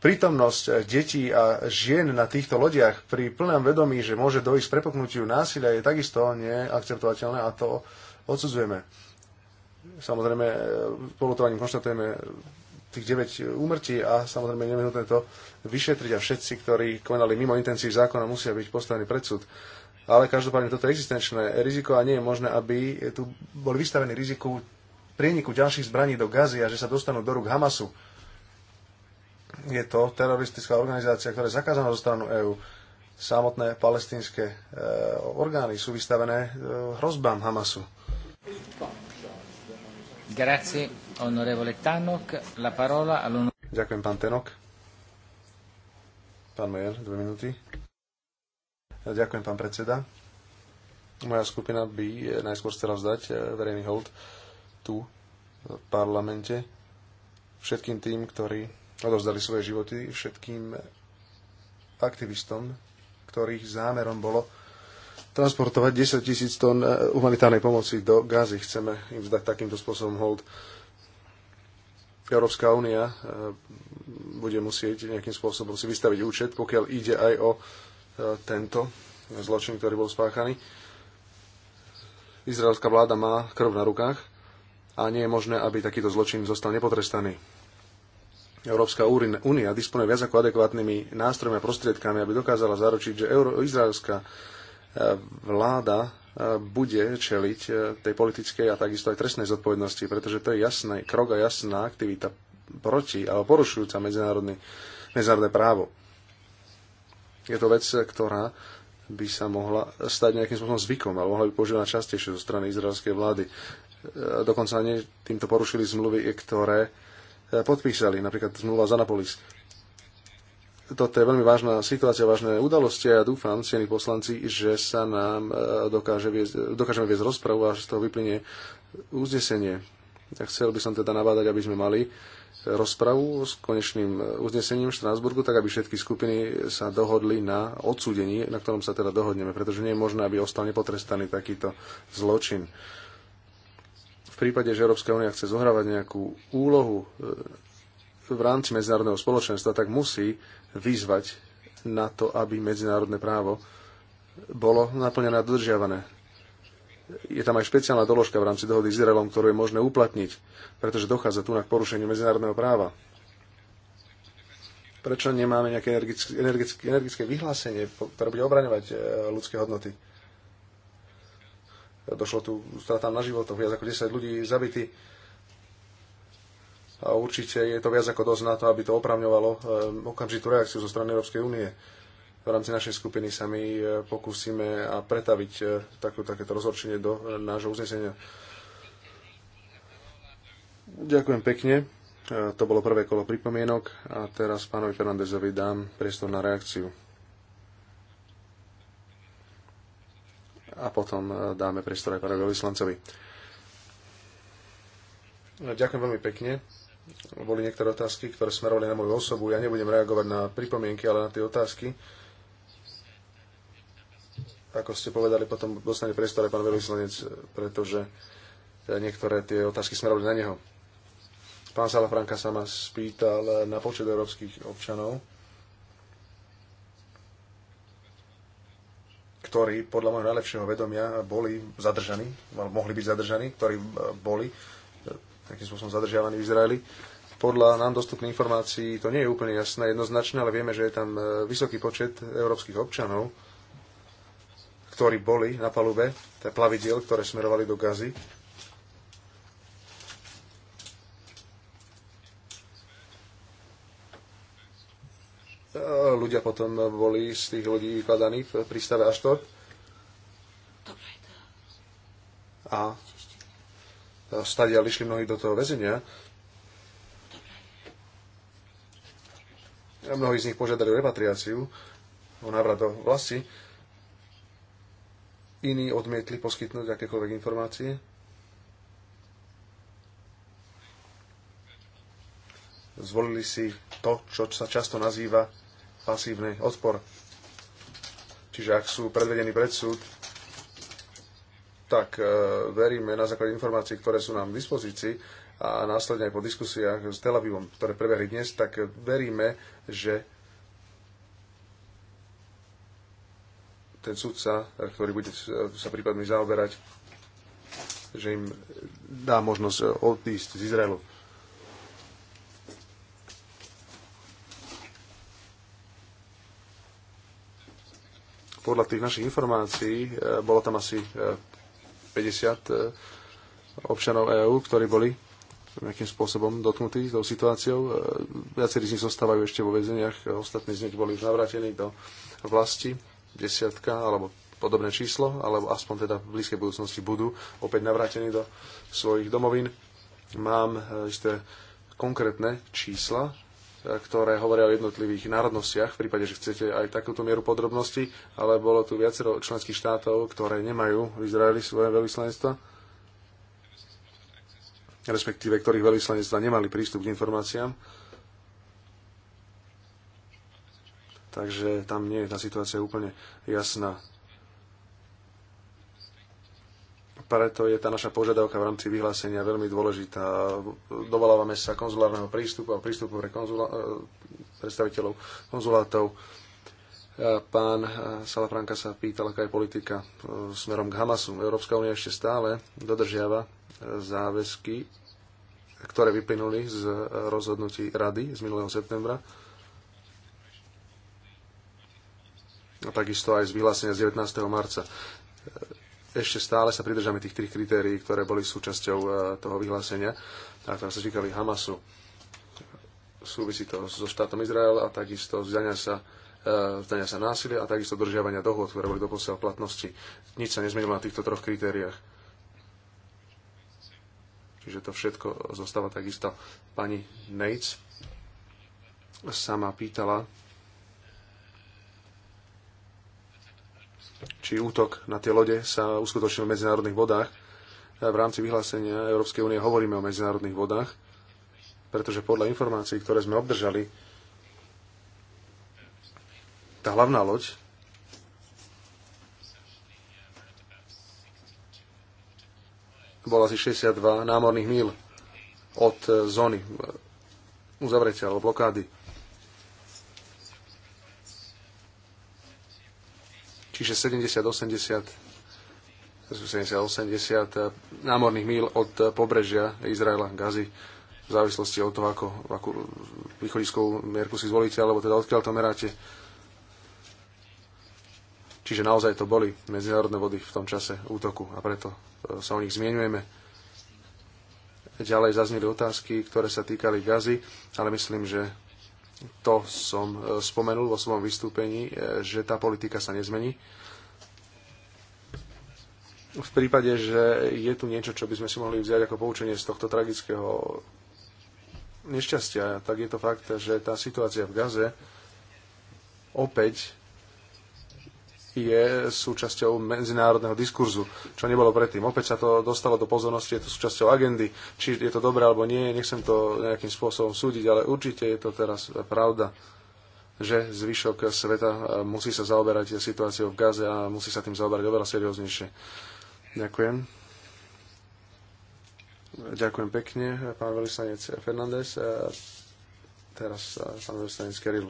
Prítomnosť detí a žien na týchto lodiach pri plnom vedomí, že môže dojsť k prepoknutiu násilia, je takisto neakceptovateľné a to odsudzujeme Samozrejme, e, polutovaním konštatujeme tých 9 úmrtí a samozrejme nevyhnutné to vyšetriť a všetci, ktorí konali mimo intencií zákona, musia byť postavení pred súd. Ale každopádne toto je existenčné riziko a nie je možné, aby tu boli vystavení riziku prieniku ďalších zbraní do Gazy a že sa dostanú do rúk Hamasu. Je to teroristická organizácia, ktorá je zakázaná zo stranu EÚ. Samotné palestínske e, orgány sú vystavené e, hrozbám Hamasu. Grazie, onorevole Tanok. La parola all'onorevole... Ďakujem, pán Tenok. Pán Majer, dve minúty. Ďakujem, pán predseda. Moja skupina by najskôr chcela vzdať eh, verejný hold tu v parlamente všetkým tým, ktorí odovzdali svoje životy, všetkým aktivistom, ktorých zámerom bolo transportovať 10 tisíc tón eh, humanitárnej pomoci do Gazy. Chceme im zdať takýmto spôsobom hold. Európska únia eh, bude musieť nejakým spôsobom si vystaviť účet, pokiaľ ide aj o eh, tento zločin, ktorý bol spáchaný. Izraelská vláda má krv na rukách a nie je možné, aby takýto zločin zostal nepotrestaný. Európska únia disponuje viac ako adekvátnymi nástrojmi a prostriedkami, aby dokázala zaručiť, že Euro- izraelská vláda e, bude čeliť e, tej politickej a takisto aj trestnej zodpovednosti, pretože to je jasný krok a jasná aktivita proti alebo porušujúca medzinárodný, medzinárodné právo. Je to vec, ktorá by sa mohla stať nejakým spôsobom zvykom, ale mohla by používať častejšie zo strany izraelskej vlády. E, dokonca ani týmto porušili zmluvy, ktoré podpísali, napríklad zmluva z Anapolis toto je veľmi vážna situácia, vážne udalosti a ja dúfam, cieni poslanci, že sa nám e, dokáže viesť, dokážeme viesť rozpravu a že z toho vyplynie uznesenie. Ja chcel by som teda nabádať, aby sme mali rozpravu s konečným uznesením v Štrásburgu, tak aby všetky skupiny sa dohodli na odsúdení, na ktorom sa teda dohodneme, pretože nie je možné, aby ostal nepotrestaný takýto zločin. V prípade, že Európska únia chce zohrávať nejakú úlohu e, v rámci medzinárodného spoločenstva, tak musí vyzvať na to, aby medzinárodné právo bolo naplnené a dodržiavané. Je tam aj špeciálna doložka v rámci dohody s Izraelom, ktorú je možné uplatniť, pretože dochádza tu na porušenie medzinárodného práva. Prečo nemáme nejaké energické, energické, energické vyhlásenie, ktoré bude obraňovať e, ľudské hodnoty? Došlo tu stratám na životoch, viac ako 10 ľudí zabitých a určite je to viac ako dosť na to, aby to opravňovalo eh, okamžitú reakciu zo strany Európskej únie. V rámci našej skupiny sa my eh, pokúsime a pretaviť eh, takú, takéto rozhorčenie do nášho uznesenia. Ďakujem pekne. To bolo prvé kolo pripomienok a teraz pánovi Fernandezovi dám priestor na reakciu. a potom dáme priestor aj pánovi vyslancovi. Ďakujem veľmi pekne. Boli niektoré otázky, ktoré smerovali na moju osobu. Ja nebudem reagovať na pripomienky, ale na tie otázky. Ako ste povedali, potom dostane priestor aj pán veľvyslanec, pretože eh, niektoré tie otázky smerovali na neho. Pán Salafranka sa ma spýtal na počet európskych občanov, ktorí podľa môjho najlepšieho vedomia boli zadržaní, mohli byť zadržaní, ktorí eh, boli takým spôsobom zadržiavaní v Izraeli. Podľa nám dostupných informácií to nie je úplne jasné, jednoznačné, ale vieme, že je tam e, vysoký počet európskych občanov, ktorí boli na palube plavidiel, ktoré smerovali do Gazy. E, ľudia potom boli z tých ľudí vykladaní v prístave Aštor. A stadia išli mnohí do toho väzenia. A mnohí z nich požiadali o repatriáciu, o návrat do vlasti. Iní odmietli poskytnúť akékoľvek informácie. Zvolili si to, čo sa často nazýva pasívny odpor. Čiže ak sú predvedení pred súd, tak e, veríme na základe informácií, ktoré sú nám v dispozícii a následne aj po diskusiách s Tel Avivom, ktoré prebehli dnes, tak veríme, že ten sudca, ktorý bude sa prípadmi zaoberať, že im dá možnosť odísť z Izraelu. podľa tých našich informácií e, bolo tam asi e, 50 eh, občanov EÚ, ktorí boli nejakým spôsobom dotknutí tou situáciou. Eh, viacerí z nich zostávajú ešte vo väzeniach, eh, ostatní z nich boli už navrátení do vlasti, desiatka alebo podobné číslo, alebo aspoň teda v blízkej budúcnosti budú opäť navrátení do svojich domovín. Mám isté konkrétne čísla ktoré hovoria o jednotlivých národnostiach, v prípade, že chcete aj takúto mieru podrobnosti, ale bolo tu viacero členských štátov, ktoré nemajú v Izraeli svoje veľvyslanectva, respektíve ktorých veľvyslanectva nemali prístup k informáciám. Takže tam nie je tá situácia úplne jasná. preto je tá naša požiadavka v rámci vyhlásenia veľmi dôležitá. Dovolávame sa konzulárneho prístupu a prístupu pre konzula- e, predstaviteľov konzulátov. E, pán e, Salafranka sa pýtal, aká je politika smerom k Hamasu. Európska únia ešte stále dodržiava záväzky, ktoré vyplynuli z rozhodnutí rady z minulého septembra. A takisto aj z vyhlásenia z 19. marca ešte stále sa pridržame tých tých kritérií, ktoré boli súčasťou e, toho vyhlásenia, a ktoré sa týkali Hamasu. Súvisí to so štátom Izrael a takisto zdania sa e, zdania sa násilia a takisto držiavania dohod, ktoré boli doposiaľ v platnosti. Nič sa nezmenilo na týchto troch kritériách. Čiže to všetko zostáva takisto. Pani Nates sa ma pýtala, či útok na tie lode sa uskutočnil v medzinárodných vodách. V rámci vyhlásenia Európskej únie hovoríme o medzinárodných vodách, pretože podľa informácií, ktoré sme obdržali, tá hlavná loď bola asi 62 námorných míl od zóny uzavretia alebo blokády čiže 70-80 70-80 eh, námorných míl od eh, pobrežia Izraela, Gazy, v závislosti od toho, ako, akú východiskovú mierku si zvolíte, alebo teda odkiaľ to meráte. Čiže naozaj to boli medzinárodné vody v tom čase útoku a preto eh, sa o nich zmienujeme. Ďalej zazneli otázky, ktoré sa týkali gazy, ale myslím, že to som e, spomenul vo svojom vystúpení, e, že tá politika sa nezmení. V prípade, že je tu niečo, čo by sme si mohli vziať ako poučenie z tohto tragického nešťastia, tak je to fakt, že tá situácia v Gaze opäť je súčasťou medzinárodného diskurzu, čo nebolo predtým. Opäť sa to dostalo do pozornosti, je to súčasťou agendy, či je to dobré alebo nie, nechcem to nejakým spôsobom súdiť, ale určite je to teraz pravda že zvyšok sveta e, musí sa zaoberať situáciou v Gaze a musí sa tým zaoberať oveľa serióznejšie. Ďakujem. Ďakujem pekne, pán veľvyslanec Fernández. E, teraz e, pán veľvyslanec Kirill.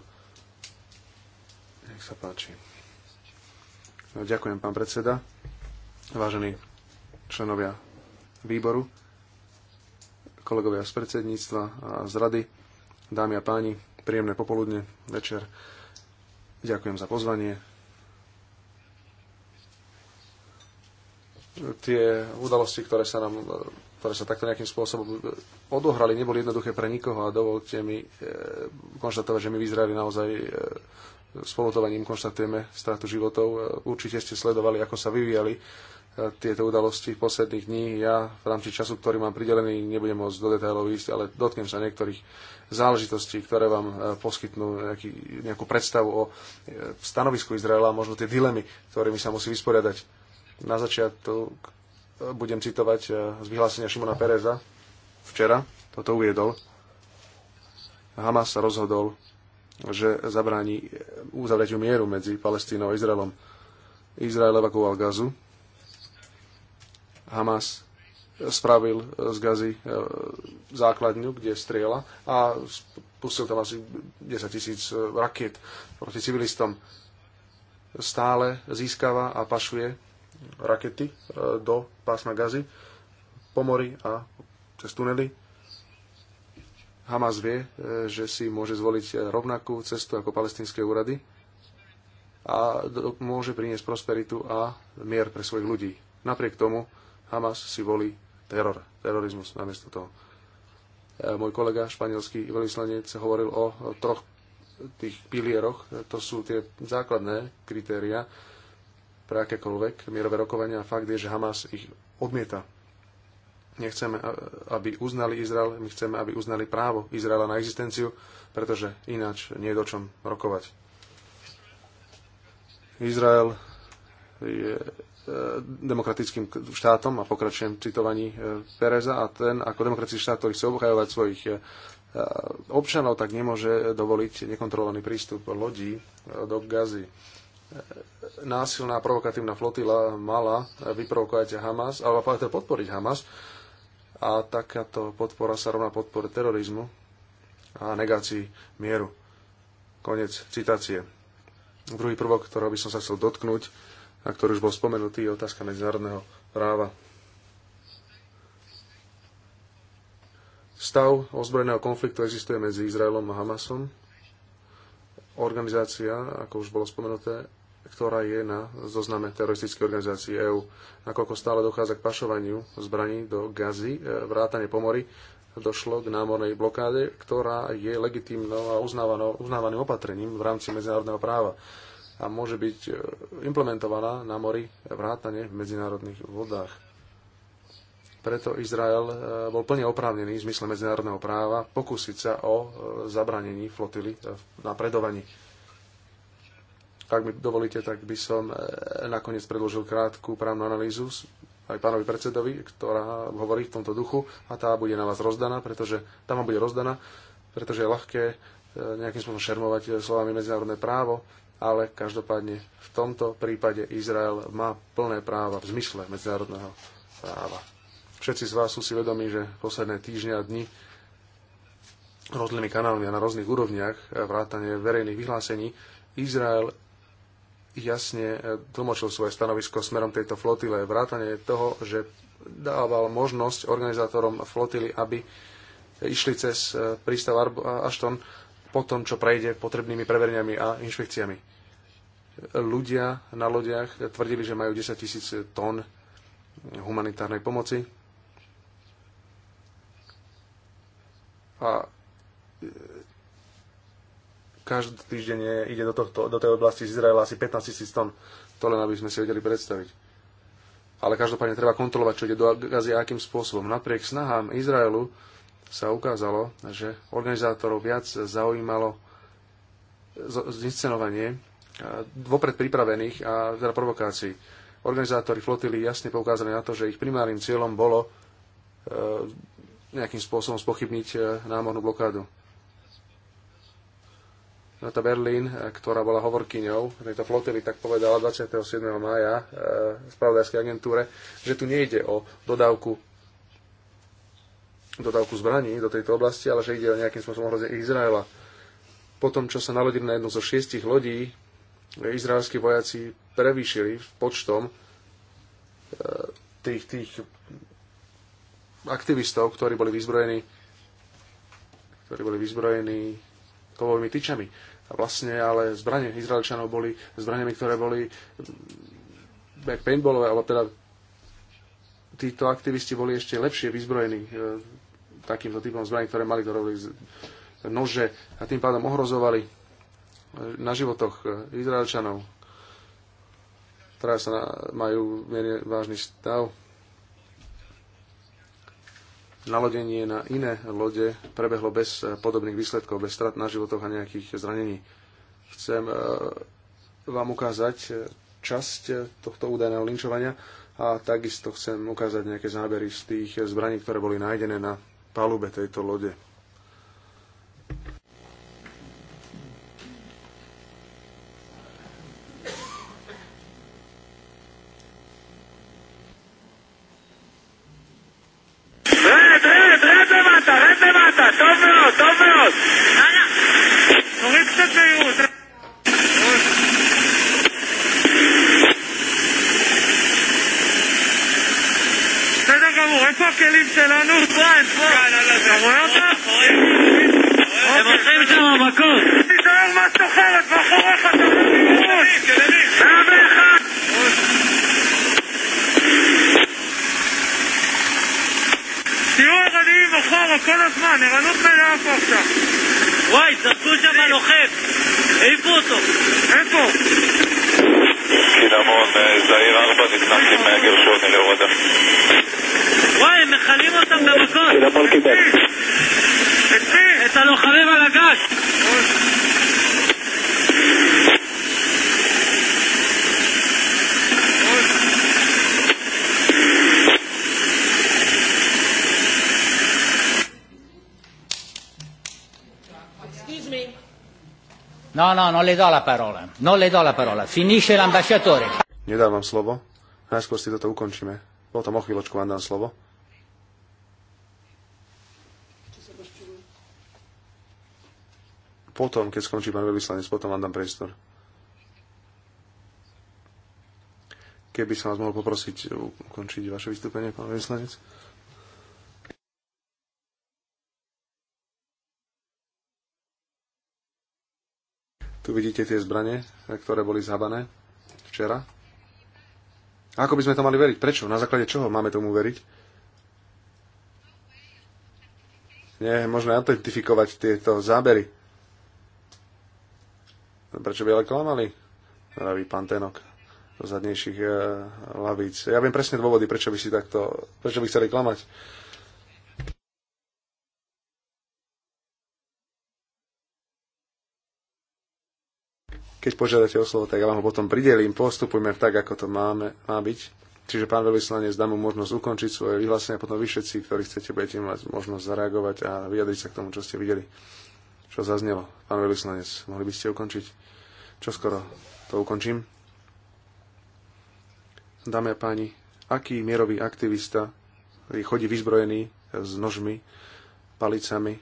Nech sa páči. Ďakujem, pán predseda. Vážení členovia výboru, kolegovia z predsedníctva a z rady, dámy a páni, príjemné popoludne, večer. Ďakujem za pozvanie. Tie udalosti, ktoré sa nám ktoré sa takto nejakým spôsobom odohrali, neboli jednoduché pre nikoho a dovolte mi eh, konštatovať, že my v Izraeli naozaj eh, s polotovaním konštatujeme stratu životov. Určite ste sledovali, ako sa vyvíjali e, tieto udalosti v posledných dní. Ja v rámci času, ktorý mám pridelený, nebudem môcť do detailov ísť, ale dotknem sa niektorých záležitostí, ktoré vám e, poskytnú nejaký, nejakú predstavu o e, stanovisku Izraela a možno tie dilemy, ktorými sa musí vysporiadať. Na začiatok budem citovať z vyhlásenia Šimona Pereza včera, toto uviedol. Hamas sa rozhodol že zabráni uzavretiu mieru medzi Palestínou a Izraelom. Izrael evakuoval Gazu. Hamas spravil z Gazy e, základňu, kde strieľa a pustil tam asi 10 tisíc e, rakiet proti civilistom. Stále získava a pašuje rakety e, do pásma Gazy pomory a cez tunely Hamas vie, e, že si môže zvoliť e, rovnakú cestu ako palestinské úrady a môže priniesť prosperitu a mier pre svojich ľudí. Napriek tomu Hamas si volí teror, terorizmus namiesto toho. E, môj kolega, španielský veľvyslanec, hovoril o troch tých pilieroch. To sú tie základné kritéria pre akékoľvek mierové rokovania a fakt je, že Hamas ich odmieta nechceme, aby uznali Izrael, my chceme, aby uznali právo Izraela na existenciu, pretože ináč nie je do čom rokovať. Izrael je e, demokratickým štátom a pokračujem v citovaní e, Pereza a ten ako demokratický štát, ktorý chce obhajovať svojich e, občanov, tak nemôže dovoliť nekontrolovaný prístup lodí do Gazy. Násilná provokatívna flotila mala vyprovokovať Hamas, alebo teda podporiť Hamas, a takáto podpora sa rovná podpore terorizmu a negácii mieru. Konec citácie. Druhý prvok, ktorého by som sa chcel dotknúť, a ktorý už bol spomenutý, je otázka medzinárodného práva. Stav ozbrojeného konfliktu existuje medzi Izraelom a Hamasom. Organizácia, ako už bolo spomenuté, ktorá je na zozname teroristickej organizácie EÚ. Nakoľko stále dochádza k pašovaniu zbraní do gazy, e, vrátane pomory, došlo k námornej blokáde, ktorá je legitímnou a uznávaným opatrením v rámci medzinárodného práva a môže byť e, implementovaná na mori vrátane v medzinárodných vodách. Preto Izrael e, bol plne oprávnený v zmysle medzinárodného práva pokúsiť sa o zabranení flotily na predovaní. Ak mi dovolíte, tak by som e, nakoniec predložil krátku právnu analýzu aj pánovi predsedovi, ktorá hovorí v tomto duchu a tá bude na vás rozdaná, pretože tá vám bude rozdaná, pretože je ľahké e, nejakým spôsobom šermovať e, slovami medzinárodné právo, ale každopádne v tomto prípade Izrael má plné práva v zmysle medzinárodného práva. Všetci z vás sú si vedomí, že posledné týždňa a dni rôznymi kanálmi a na rôznych úrovniach vrátane verejných vyhlásení Izrael jasne e, tlmočil svoje stanovisko smerom tejto flotile, vrátane toho, že dával možnosť organizátorom flotily, aby išli cez e, prístav Ashton po tom, čo prejde potrebnými prevereniami a inšpekciami. Ľudia na lodiach tvrdili, že majú 10 tisíc tón humanitárnej pomoci. A každý týždeň ide do, tohto, do tej oblasti z Izraela asi 15 tisíc tón. To len aby sme si vedeli predstaviť. Ale každopádne treba kontrolovať, čo ide do Gazy a akým spôsobom. Napriek snahám Izraelu sa ukázalo, že organizátorov viac zaujímalo zincenovanie e, vopred pripravených a teda provokácií. Organizátori flotily jasne poukázali na to, že ich primárnym cieľom bolo e, nejakým spôsobom spochybniť e, námornú blokádu. Renata Berlin, eh, ktorá bola hovorkyňou tejto flotily, tak povedala 27. mája eh, spravodajskej agentúre, že tu nejde o dodávku dodávku zbraní do tejto oblasti, ale že ide o nejakým spôsobom hrozenie Izraela. Po tom, čo sa nalodili na jednu zo šiestich lodí, eh, izraelskí vojaci prevýšili počtom tých, tých aktivistov, ktorí boli vyzbrojení ktorí boli vyzbrojení kovovými tyčami vlastne ale zbranie Izraelčanov boli zbraniami, ktoré boli mm, back paintballové, alebo teda títo aktivisti boli ešte lepšie vyzbrojení e, takýmto typom zbraní, ktoré mali, ktoré boli nože a tým pádom ohrozovali e, na životoch e, Izraelčanov. Teraz sa majú vážny stav nalodenie na iné lode prebehlo bez eh, podobných výsledkov, bez strat na životoch a nejakých zranení. Chcem eh, vám ukázať eh, časť tohto údajného linčovania a takisto chcem ukázať nejaké zábery z tých zbraní, ktoré boli nájdené na palube tejto lode. שיהיו ערניים וחורו כל הזמן, ערנות מלאה פה עכשיו. וואי, זרקו שם לוחם, העיפו אותו. איפה? קינמון, זעיר ארבע, נכנסתי מהגרשוני להורדה. וואי, הם מכלים אותם במכות. קינמון קיבל. את מי? את הלוחמים על הגש. No, no, non le do la parola. Non le do la parola. Finisce l'ambasciatore. Nedám vám slovo. Najskôr si toto ukončíme. Potom o chvíľočku vám dám slovo. Potom, keď skončí pán veľvyslanec, potom vám dám priestor. Keby som vás mohol poprosiť ukončiť vaše vystúpenie, pán veľvyslanec. Tu vidíte tie zbranie, ktoré boli zhabané včera. Ako by sme to mali veriť? Prečo? Na základe čoho máme tomu veriť? Nie je možné autentifikovať tieto zábery. Prečo by ale klamali? Pravý pán Tenok do zadnejších e, lavíc. Ja viem presne dôvody, prečo by si takto, prečo by chceli klamať Keď požiadate o slovo, tak ja vám ho potom pridelím. Postupujme tak, ako to máme, má byť. Čiže pán veľvyslanec dá mu možnosť ukončiť svoje vyhlásenie a potom vy všetci, ktorí chcete, budete mať možnosť zareagovať a vyjadriť sa k tomu, čo ste videli, čo zaznelo. Pán veľvyslanec, mohli by ste ukončiť? Čo skoro to ukončím. Dámy a páni, aký mierový aktivista ktorý chodí vyzbrojený s nožmi, palicami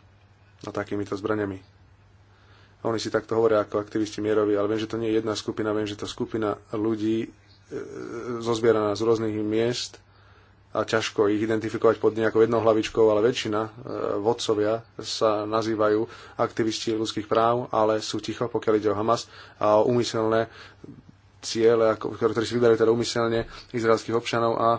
a takýmito zbraniami. Oni si takto hovoria ako aktivisti mieroví, ale viem, že to nie je jedna skupina, viem, že to skupina ľudí e, zozbieraná z rôznych miest a ťažko ich identifikovať pod nejakou jednou hlavičkou, ale väčšina e, vodcovia sa nazývajú aktivisti ľudských práv, ale sú ticho, pokiaľ ide o Hamas a o umyselné ciele, ktoré si vyberajú teda umyselne izraelských občanov a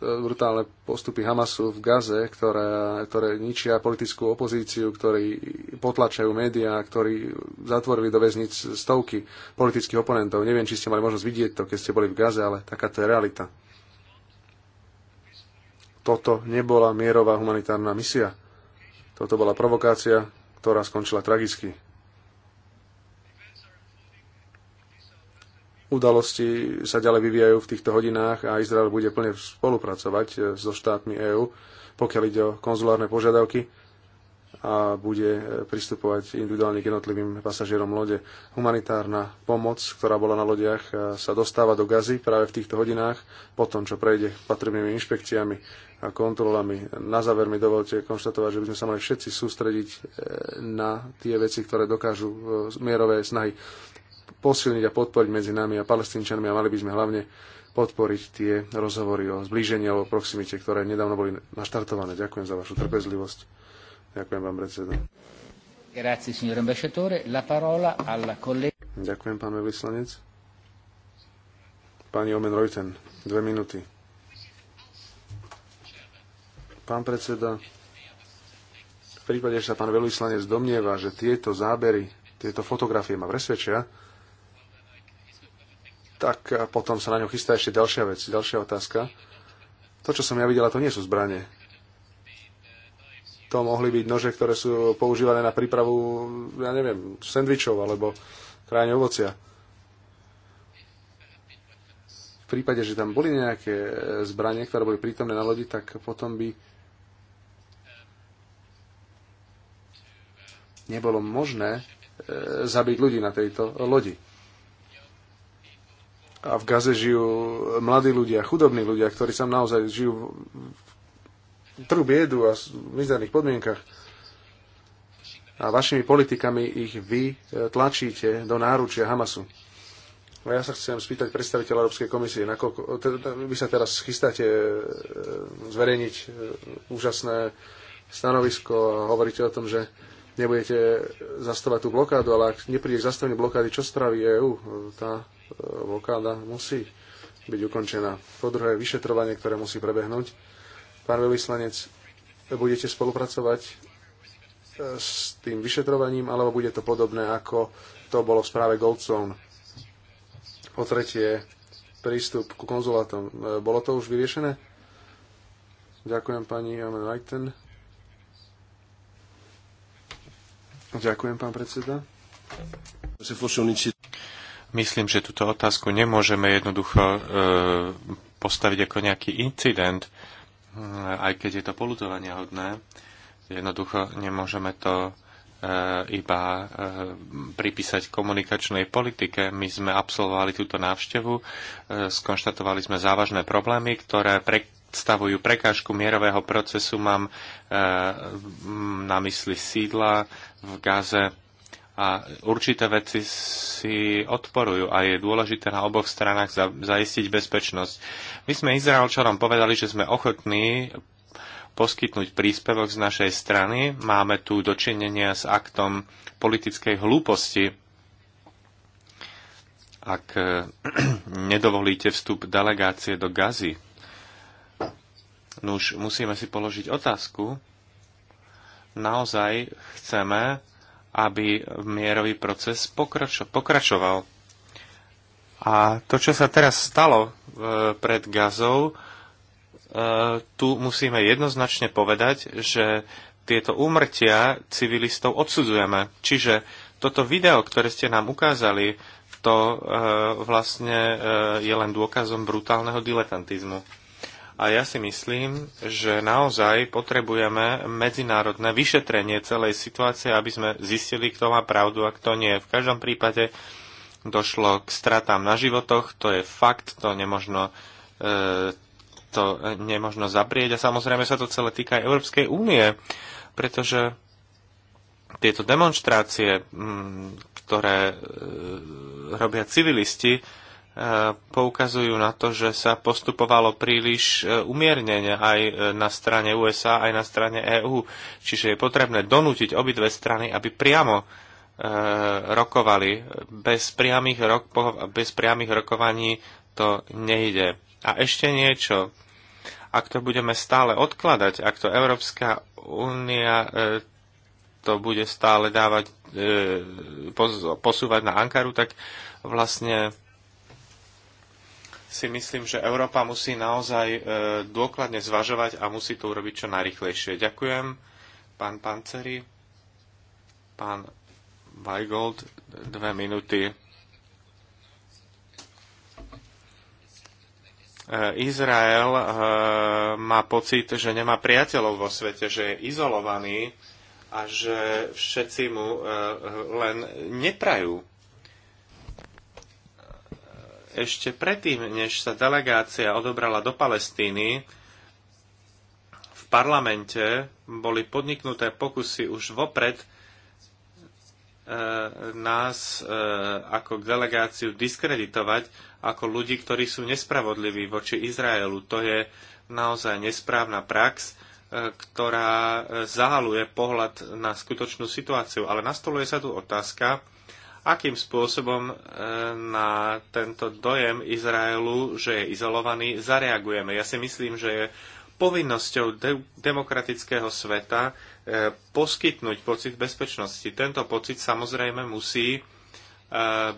brutálne postupy Hamasu v Gaze, ktoré, ktoré ničia politickú opozíciu, ktorí potlačajú médiá, ktorí zatvorili do väznic stovky politických oponentov. Neviem, či ste mali možnosť vidieť to, keď ste boli v Gaze, ale takáto je realita. Toto nebola mierová humanitárna misia. Toto bola provokácia, ktorá skončila tragicky. udalosti sa ďalej vyvíjajú v týchto hodinách a Izrael bude plne spolupracovať eh, so štátmi EÚ, pokiaľ ide o konzulárne požiadavky a bude eh, pristupovať individuálne k jednotlivým pasažierom lode. Humanitárna pomoc, ktorá bola na lodiach, eh, sa dostáva do gazy práve v týchto hodinách, po tom, čo prejde patrebnými inšpekciami a kontrolami. Na záver mi dovolte konštatovať, že by sme sa mali všetci sústrediť na tie veci, ktoré dokážu mierové snahy posilniť a podporiť medzi nami a palestínčanmi a mali by sme hlavne podporiť tie rozhovory o zblížení alebo proximite, ktoré nedávno boli naštartované. Ďakujem za vašu trpezlivosť. Ďakujem vám, predseda. Grazie, signor ambasciatore. La parola alla collega... Ďakujem, pán vyslanec. Pani Omen Reuten, dve minúty. Pán predseda, v prípade, že sa pán veľvyslanec domnieva, že tieto zábery, tieto fotografie ma presvedčia, tak potom sa na ňu chystá ešte ďalšia vec, ďalšia otázka. To, čo som ja videla, to nie sú zbranie. To mohli byť nože, ktoré sú používané na prípravu, ja neviem, sendvičov alebo krajne ovocia. V prípade, že tam boli nejaké zbranie, ktoré boli prítomné na lodi, tak potom by nebolo možné e, zabiť ľudí na tejto lodi a v Gaze žijú mladí ľudia, chudobní ľudia, ktorí sa naozaj žijú v trhu biedu a v mizerných podmienkach. A vašimi politikami ich vy e, tlačíte do náručia Hamasu. A ja sa chcem spýtať predstaviteľa Európskej komisie, nakoľko e, teda, teda, vy sa teraz chystáte e, zverejniť úžasné stanovisko a hovoríte o tom, že nebudete zastavať tú blokádu, ale ak nepríde k zastavení blokády, čo spraví EÚ? Tá E, blokáda musí byť ukončená. Po druhé, vyšetrovanie, ktoré musí prebehnúť. Pán veľvyslanec, budete spolupracovať e, s tým vyšetrovaním, alebo bude to podobné, ako to bolo v správe Goldzone. Po tretie, prístup ku konzulátom. E, bolo to už vyriešené? Ďakujem pani Amen Leiten. Ďakujem, pán predseda. Myslím, že túto otázku nemôžeme jednoducho e, postaviť ako nejaký incident, e, aj keď je to polutovania hodné. Jednoducho nemôžeme to e, iba e, pripísať komunikačnej politike. My sme absolvovali túto návštevu, skonštatovali sme závažné problémy, ktoré predstavujú prekážku mierového procesu. Mám na mysli sídla v Gaze, a určité veci si odporujú a je dôležité na oboch stranách za, zaistiť bezpečnosť. My sme Izraelčanom povedali, že sme ochotní poskytnúť príspevok z našej strany. Máme tu dočinenia s aktom politickej hlúposti. Ak eh, nedovolíte vstup delegácie do Gazy, nuž musíme si položiť otázku, naozaj chceme aby mierový proces pokračo- pokračoval. A to, čo sa teraz stalo e, pred Gazou, e, tu musíme jednoznačne povedať, že tieto úmrtia civilistov odsudzujeme. Čiže toto video, ktoré ste nám ukázali, to e, vlastne e, je len dôkazom brutálneho diletantizmu. A ja si myslím, že naozaj potrebujeme medzinárodné vyšetrenie celej situácie, aby sme zistili, kto má pravdu a kto nie. V každom prípade došlo k stratám na životoch, to je fakt, to nemožno, e, to nemožno zaprieť a samozrejme sa to celé týka aj Európskej únie, pretože tieto demonstrácie, ktoré e, robia civilisti, poukazujú na to, že sa postupovalo príliš e, umiernene e, aj na strane USA, aj na strane EÚ. Čiže je potrebné donútiť obidve strany, aby priamo e, rokovali. Bez priamých, roko, bez priamých rokovaní to nejde. A ešte niečo. Ak to budeme stále odkladať, ak to Európska únia to bude stále dávať, posúvať na Ankaru, tak vlastne si myslím, že Európa musí naozaj e, dôkladne zvažovať a musí to urobiť čo najrychlejšie. Ďakujem, pán Panceri, pán Weigold, dve minúty. E, Izrael e, má pocit, že nemá priateľov vo svete, že je izolovaný a že všetci mu len neprajú ešte predtým, než sa delegácia odobrala do Palestíny, v parlamente boli podniknuté pokusy už vopred e, nás e, ako delegáciu diskreditovať ako ľudí, ktorí sú nespravodliví voči Izraelu. To je naozaj nesprávna prax, e, ktorá zahaluje pohľad na skutočnú situáciu. Ale nastoluje sa tu otázka, akým spôsobom e, na tento dojem Izraelu, že je izolovaný, zareagujeme. Ja si myslím, že je povinnosťou de- demokratického sveta e, poskytnúť pocit bezpečnosti. Tento pocit samozrejme musí e,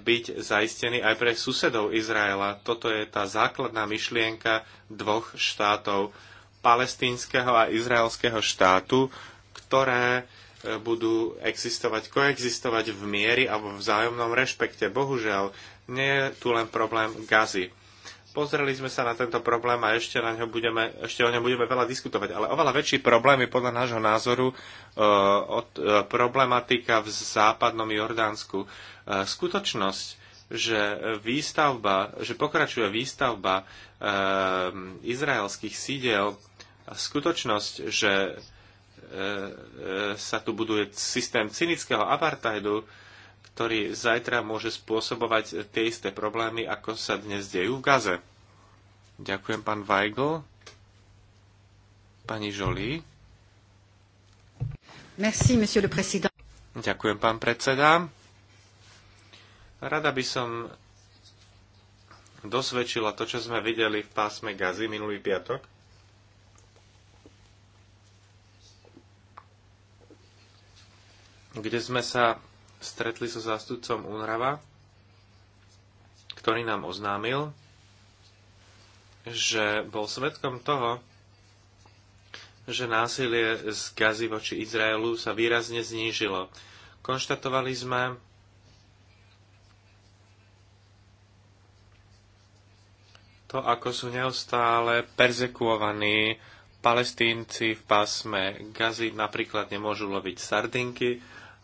byť zaistený aj pre susedov Izraela. Toto je tá základná myšlienka dvoch štátov, palestínskeho a izraelského štátu, ktoré e, budú existovať, koexistovať v miery a vo vzájomnom rešpekte. Bohužiaľ, nie je tu len problém gazy. Pozreli sme sa na tento problém a ešte, na ňo budeme, ešte o ňom budeme veľa diskutovať, ale oveľa väčší problém je podľa nášho názoru uh, od, uh, problematika v západnom Jordánsku. Uh, skutočnosť, že výstavba, že pokračuje výstavba uh, izraelských sídel, skutočnosť, že E, e, sa tu buduje systém cynického apartheidu, ktorý zajtra môže spôsobovať tie isté problémy, ako sa dnes dejú v Gaze. Ďakujem, pán Weigl. Pani Žolí. Merci, monsieur le président. Ďakujem, pán predseda. Rada by som dosvedčila to, čo sme videli v pásme Gazy minulý piatok kde sme sa stretli so zástupcom UNRAVA, ktorý nám oznámil, že bol svetkom toho, že násilie z Gazy voči Izraelu sa výrazne znížilo. Konštatovali sme, to, ako sú neustále perzekuovaní palestínci v pásme Gazy, napríklad nemôžu loviť sardinky,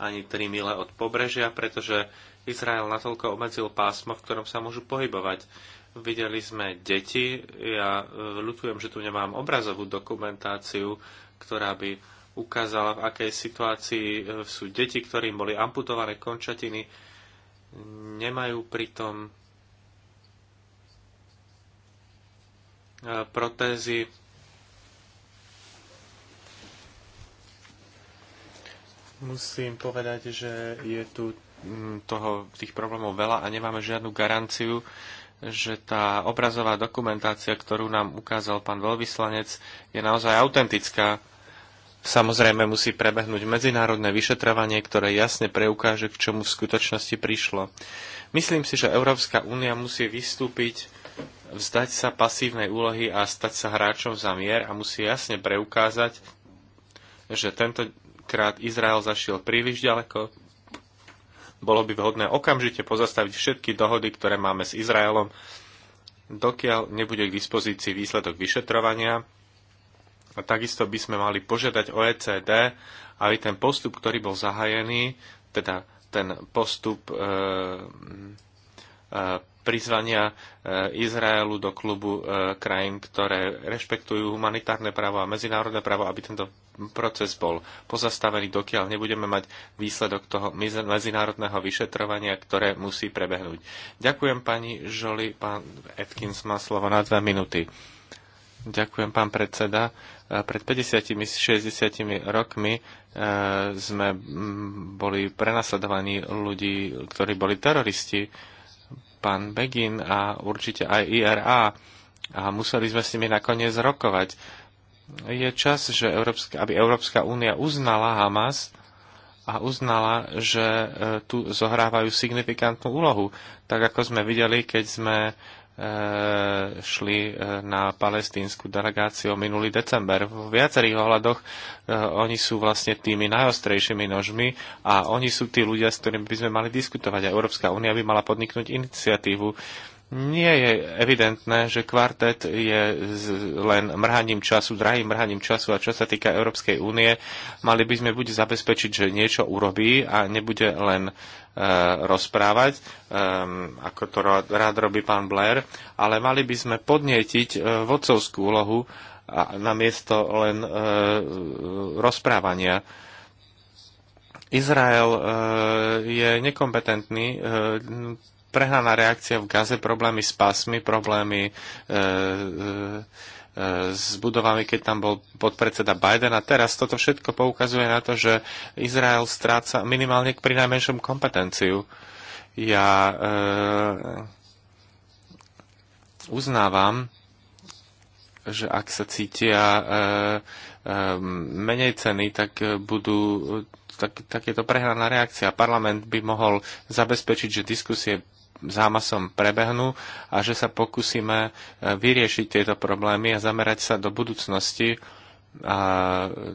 ani 3 mile od pobrežia, pretože Izrael natoľko obmedzil pásmo, v ktorom sa môžu pohybovať. Videli sme deti, ja e, ľutujem, že tu nemám obrazovú dokumentáciu, ktorá by ukázala, v akej situácii e, sú deti, ktorým boli amputované končatiny, nemajú pritom e, protézy Musím povedať, že je tu mm, toho, tých problémov veľa a nemáme žiadnu garanciu, že tá obrazová dokumentácia, ktorú nám ukázal pán veľvyslanec, je naozaj autentická. Samozrejme musí prebehnúť medzinárodné vyšetrovanie, ktoré jasne preukáže, k čomu v skutočnosti prišlo. Myslím si, že Európska únia musí vystúpiť, vzdať sa pasívnej úlohy a stať sa hráčom za mier a musí jasne preukázať, že tento Tentokrát Izrael zašiel príliš ďaleko. Bolo by vhodné okamžite pozastaviť všetky dohody, ktoré máme s Izraelom, dokiaľ nebude k dispozícii výsledok vyšetrovania. A takisto by sme mali požiadať OECD, aby ten postup, ktorý bol zahajený, teda ten postup e, prizvania e, Izraelu do klubu e, krajín, ktoré rešpektujú humanitárne právo a medzinárodné právo, aby tento proces bol pozastavený, dokiaľ nebudeme mať výsledok toho medzinárodného vyšetrovania, ktoré musí prebehnúť. Ďakujem pani Žoli, pán Atkins má slovo na dve minúty. Ďakujem, pán predseda. E, pred 50-60 rokmi sme boli prenasledovaní ľudí, ktorí boli teroristi pán Begin a určite aj IRA a museli sme s nimi nakoniec rokovať. Je čas, že Európska, aby Európska únia uznala Hamas a uznala, že e, tu zohrávajú signifikantnú úlohu. Tak ako sme videli, keď sme E, šli e, na palestínsku delegáciu minulý december. V viacerých ohľadoch e, oni sú vlastne tými najostrejšími nožmi a oni sú tí ľudia, s ktorými by sme mali diskutovať. A Európska únia by mala podniknúť iniciatívu nie je evidentné, že kvartet je len mrhaním času, drahým mrhaním času a čo sa týka Európskej únie, mali by sme buď zabezpečiť, že niečo urobí a nebude len e, rozprávať, e, ako to rád robí pán Blair, ale mali by sme podnietiť e, vodcovskú úlohu a, namiesto len e, rozprávania. Izrael e, je nekompetentný e, prehnaná reakcia v Gaze, problémy s pásmi, problémy e, e, e, s budovami, keď tam bol podpredseda Biden. A teraz toto všetko poukazuje na to, že Izrael stráca minimálne k prinajmenšom kompetenciu. Ja e, uznávam, že ak sa cítia e, e, menej ceny, tak budú tak, tak je to prehraná reakcia. Parlament by mohol zabezpečiť, že diskusie s Hamasom prebehnú a že sa pokúsime e, vyriešiť tieto problémy a zamerať sa do budúcnosti e,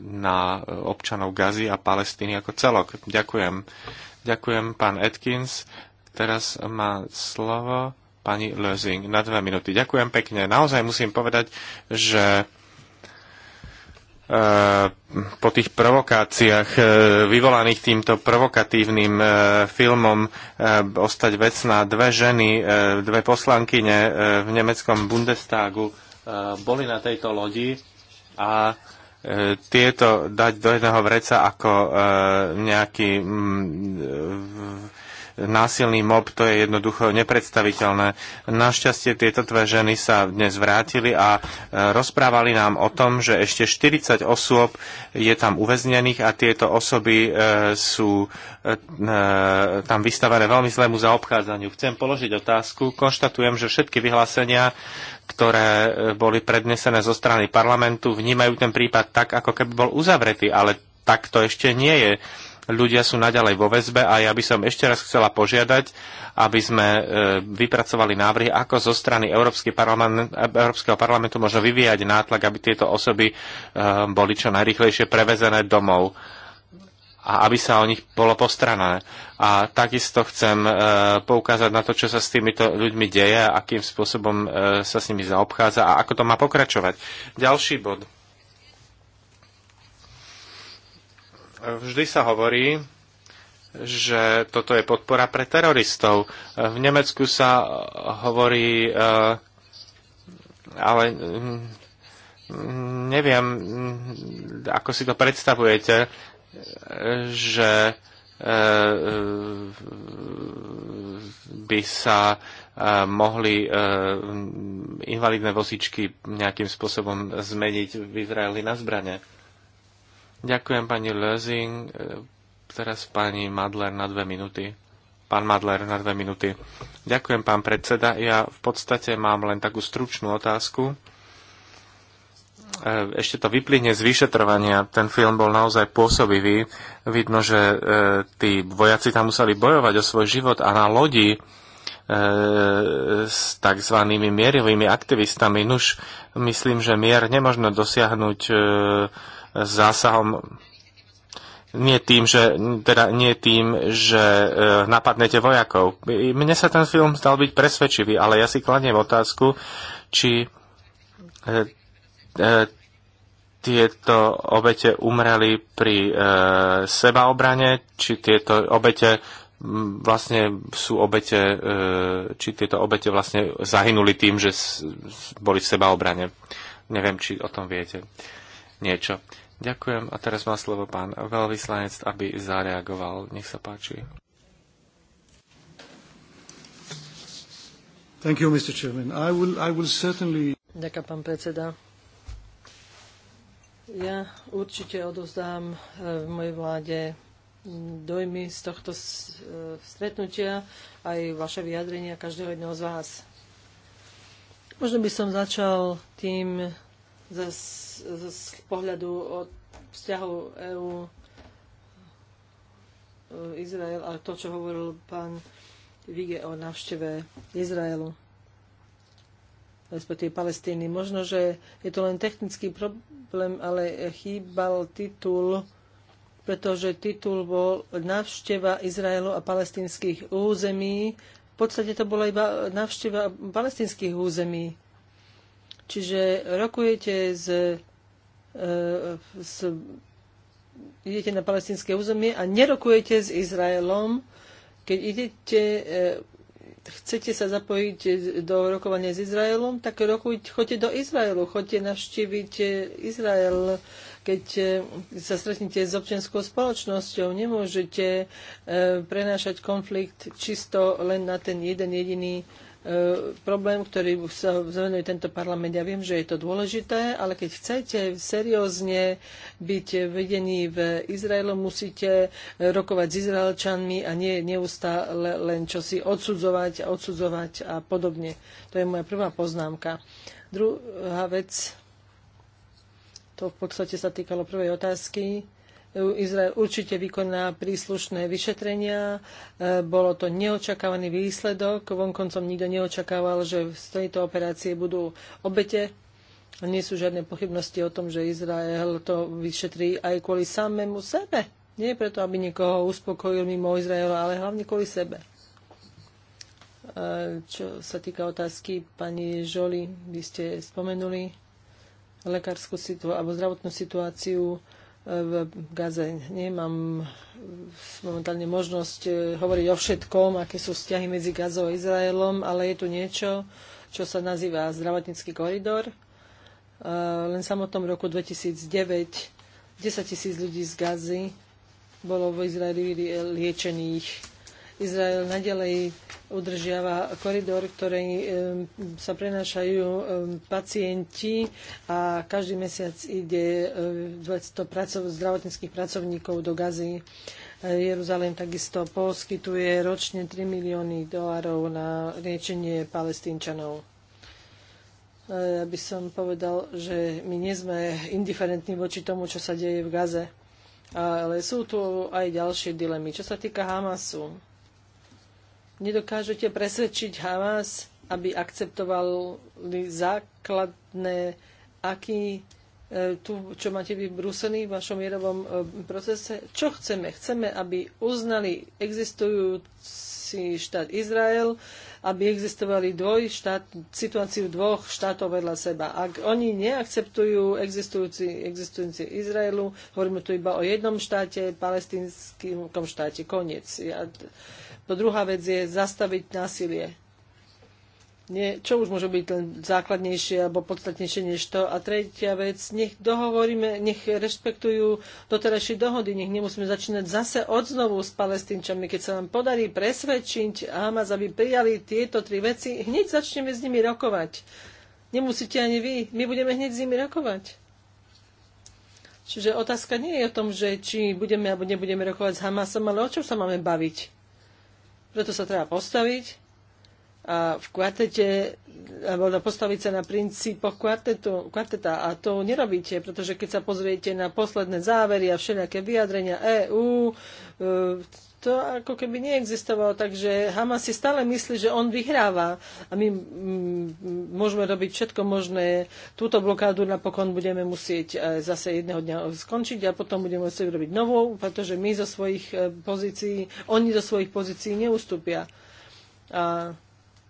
na občanov Gazy a Palestíny ako celok. Ďakujem. Ďakujem, pán Atkins. Teraz má slovo pani Lözing na dve minúty. Ďakujem pekne. Naozaj musím povedať, že po tých provokáciách e, vyvolaných týmto provokatívnym e, filmom e, ostať vecná. Dve ženy, dve poslankyne v nemeckom Bundestagu boli na tejto lodi a tieto dať do jedného vreca ako nejaký násilný mob, to je jednoducho nepredstaviteľné. Našťastie tieto dve ženy sa dnes vrátili a e, rozprávali nám o tom, že ešte 40 osôb je tam uväznených a tieto osoby e, sú e, tam vystavené veľmi zlému zaobchádzaniu. Chcem položiť otázku. Konštatujem, že všetky vyhlásenia ktoré boli prednesené zo strany parlamentu, vnímajú ten prípad tak, ako keby bol uzavretý, ale tak to ešte nie je ľudia sú naďalej vo väzbe a ja by som ešte raz chcela požiadať, aby sme e, vypracovali návrhy, ako zo strany parlament, Európskeho parlamentu možno vyvíjať nátlak, aby tieto osoby e, boli čo najrychlejšie prevezené domov a aby sa o nich bolo postrané. A takisto chcem e, poukázať na to, čo sa s týmito ľuďmi deje, akým spôsobom sa s nimi zaobchádza a ako to má pokračovať. Ďalší bod. Vždy sa hovorí, že toto je podpora pre teroristov. V Nemecku sa hovorí, eh, ale mm, neviem, mm, ako si to predstavujete, že eh, by sa eh, mohli invalidné vozičky nejakým spôsobom zmeniť v Izraeli na zbranie. Ďakujem pani Lezing. E, teraz pani Madler na dve minúty. Pán Madler na dve minúty. Ďakujem, pán predseda. Ja v podstate mám len takú stručnú otázku. E, ešte to vyplyne z vyšetrovania. Ten film bol naozaj pôsobivý. Vidno, že e, tí vojaci tam museli bojovať o svoj život a na lodi s tzv. mierovými aktivistami. Nuž, myslím, že mier nemožno dosiahnuť e, zásahom nie tým, že, teda nie tým, že e, napadnete vojakov. Mne sa ten film stal byť presvedčivý, ale ja si kladiem otázku, či e, e, tieto obete umreli pri e, sebaobrane, či tieto obete vlastne sú obete, e, či tieto obete vlastne zahynuli tým, že boli v sebaobrane. Neviem, či o tom viete niečo. Ďakujem a teraz má slovo pán veľvyslanec, aby zareagoval. Nech sa páči. Thank you, Mr. Chairman. I will, I will certainly... Ďakujem, pán predseda. Ja určite odovzdám v e, mojej vláde dojmy z tohto e, stretnutia, aj vaše vyjadrenia každého jedného z vás. Možno by som začal tým z pohľadu od vzťahu EÚ e, Izrael a to, čo hovoril pán Vige o návšteve Izraelu respektíve Palestíny. Možno, že je to len technický problém, ale chýbal titul pretože titul bol Navšteva Izraelu a palestinských území. V podstate to bola iba navšteva palestinských území. Čiže rokujete z, z e, idete na palestinské územie a nerokujete s Izraelom, keď idete, e, chcete sa zapojiť do rokovania s Izraelom, tak rokujte, choďte do Izraelu, choďte navštíviť Izrael, keď e, sa stretnete s občianskou spoločnosťou, nemôžete e, prenášať konflikt čisto len na ten jeden jediný e, problém, ktorý sa zvenuje tento parlament. Ja viem, že je to dôležité, ale keď chcete seriózne byť vedení v Izraelu, musíte rokovať s Izraelčanmi a nie neustále len čo si odsudzovať, odsudzovať a podobne. To je moja prvá poznámka. Druhá vec, to v podstate sa týkalo prvej otázky. E, Izrael určite vykoná príslušné vyšetrenia. E, Bolo to neočakávaný výsledok. Vonkoncom nikto neočakával, že z tejto operácie budú obete. Nie sú žiadne pochybnosti o tom, že Izrael to vyšetrí aj kvôli samému sebe. Nie preto, aby niekoho uspokojil mimo Izraela, ale hlavne kvôli sebe. E, čo sa týka otázky pani Žoli, vy ste spomenuli lekárskú situáciu alebo zdravotnú situáciu e, v Gaze. Nemám e, momentálne možnosť e, hovoriť o všetkom, aké sú vzťahy medzi Gazou a Izraelom, ale je tu niečo, čo sa nazýva zdravotnícky koridor. Len samotnom roku 2009 10 tisíc ľudí z Gazy bolo v Izraeli liečených Izrael nadalej udržiava koridor, ktorý sa prenášajú pacienti a každý mesiac ide 200 pracov, zdravotníckých pracovníkov do Gazy. Jeruzalém takisto poskytuje ročne 3 milióny dolárov na liečenie palestínčanov. Ja e, by som povedal, že my nie sme indiferentní voči tomu, čo sa deje v Gaze. Ale sú tu aj ďalšie dilemy. Čo sa týka Hamasu, nedokážete presvedčiť Hamas, aby akceptovali základné, aký e, tu, čo máte vy v Bruseli, v vašom mierovom e, procese. Čo chceme? Chceme, aby uznali existujúci štát Izrael, aby existovali dvoj štát, situáciu dvoch štátov vedľa seba. Ak oni neakceptujú existujúci, existujúci Izraelu, hovoríme tu iba o jednom štáte, palestinskom štáte, koniec. Ja, No druhá vec je zastaviť násilie. Nie, čo už môže byť len základnejšie alebo podstatnejšie než to. A tretia vec, nech dohovoríme, nech rešpektujú doterajšie dohody, nech nemusíme začínať zase odznovu s palestínčami. Keď sa nám podarí presvedčiť Hamas, aby prijali tieto tri veci, hneď začneme s nimi rokovať. Nemusíte ani vy, my budeme hneď s nimi rokovať. Čiže otázka nie je o tom, že či budeme alebo nebudeme rokovať s Hamasom, ale o čom sa máme baviť preto sa treba postaviť a v kvartete alebo postaviť sa na princípoch kvartetu, kvarteta. A to nerobíte, pretože keď sa pozriete na posledné závery a všelijaké vyjadrenia EÚ, e, to ako keby neexistovalo. Takže Hamas si stále myslí, že on vyhráva a my môžeme robiť všetko možné. Túto blokádu napokon budeme musieť e, zase jedného dňa skončiť a potom budeme musieť robiť novú, pretože my zo svojich e, pozícií, oni zo svojich pozícií neustúpia. A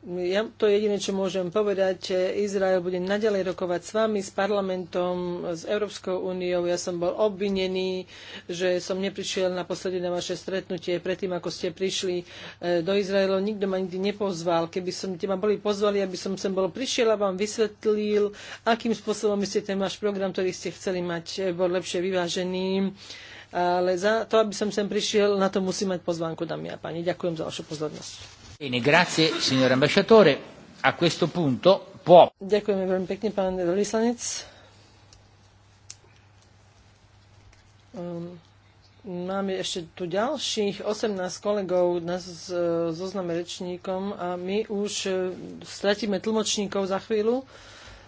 ja to jediné, čo môžem povedať, Izrael bude naďalej rokovať s vami, s parlamentom, s Európskou úniou. Ja som bol obvinený, že som neprišiel posledné na vaše stretnutie predtým, ako ste prišli e, do Izraela. Nikto ma nikdy nepozval. Keby som ma boli pozvali, aby som sem bol prišiel a vám vysvetlil, akým spôsobom ste ten váš program, ktorý ste chceli mať, e, bol lepšie vyvážený. Ale za to, aby som sem prišiel, na to musím mať pozvánku, dámy a páni. Ďakujem za vašu pozornosť. Bene, grazie, signor ambasciatore. A questo punto può... Ďakujeme veľmi pekne, pán veľvyslanec. Um, máme ešte tu ďalších 18 kolegov na zozname rečníkom a my už e, stratíme tlmočníkov za chvíľu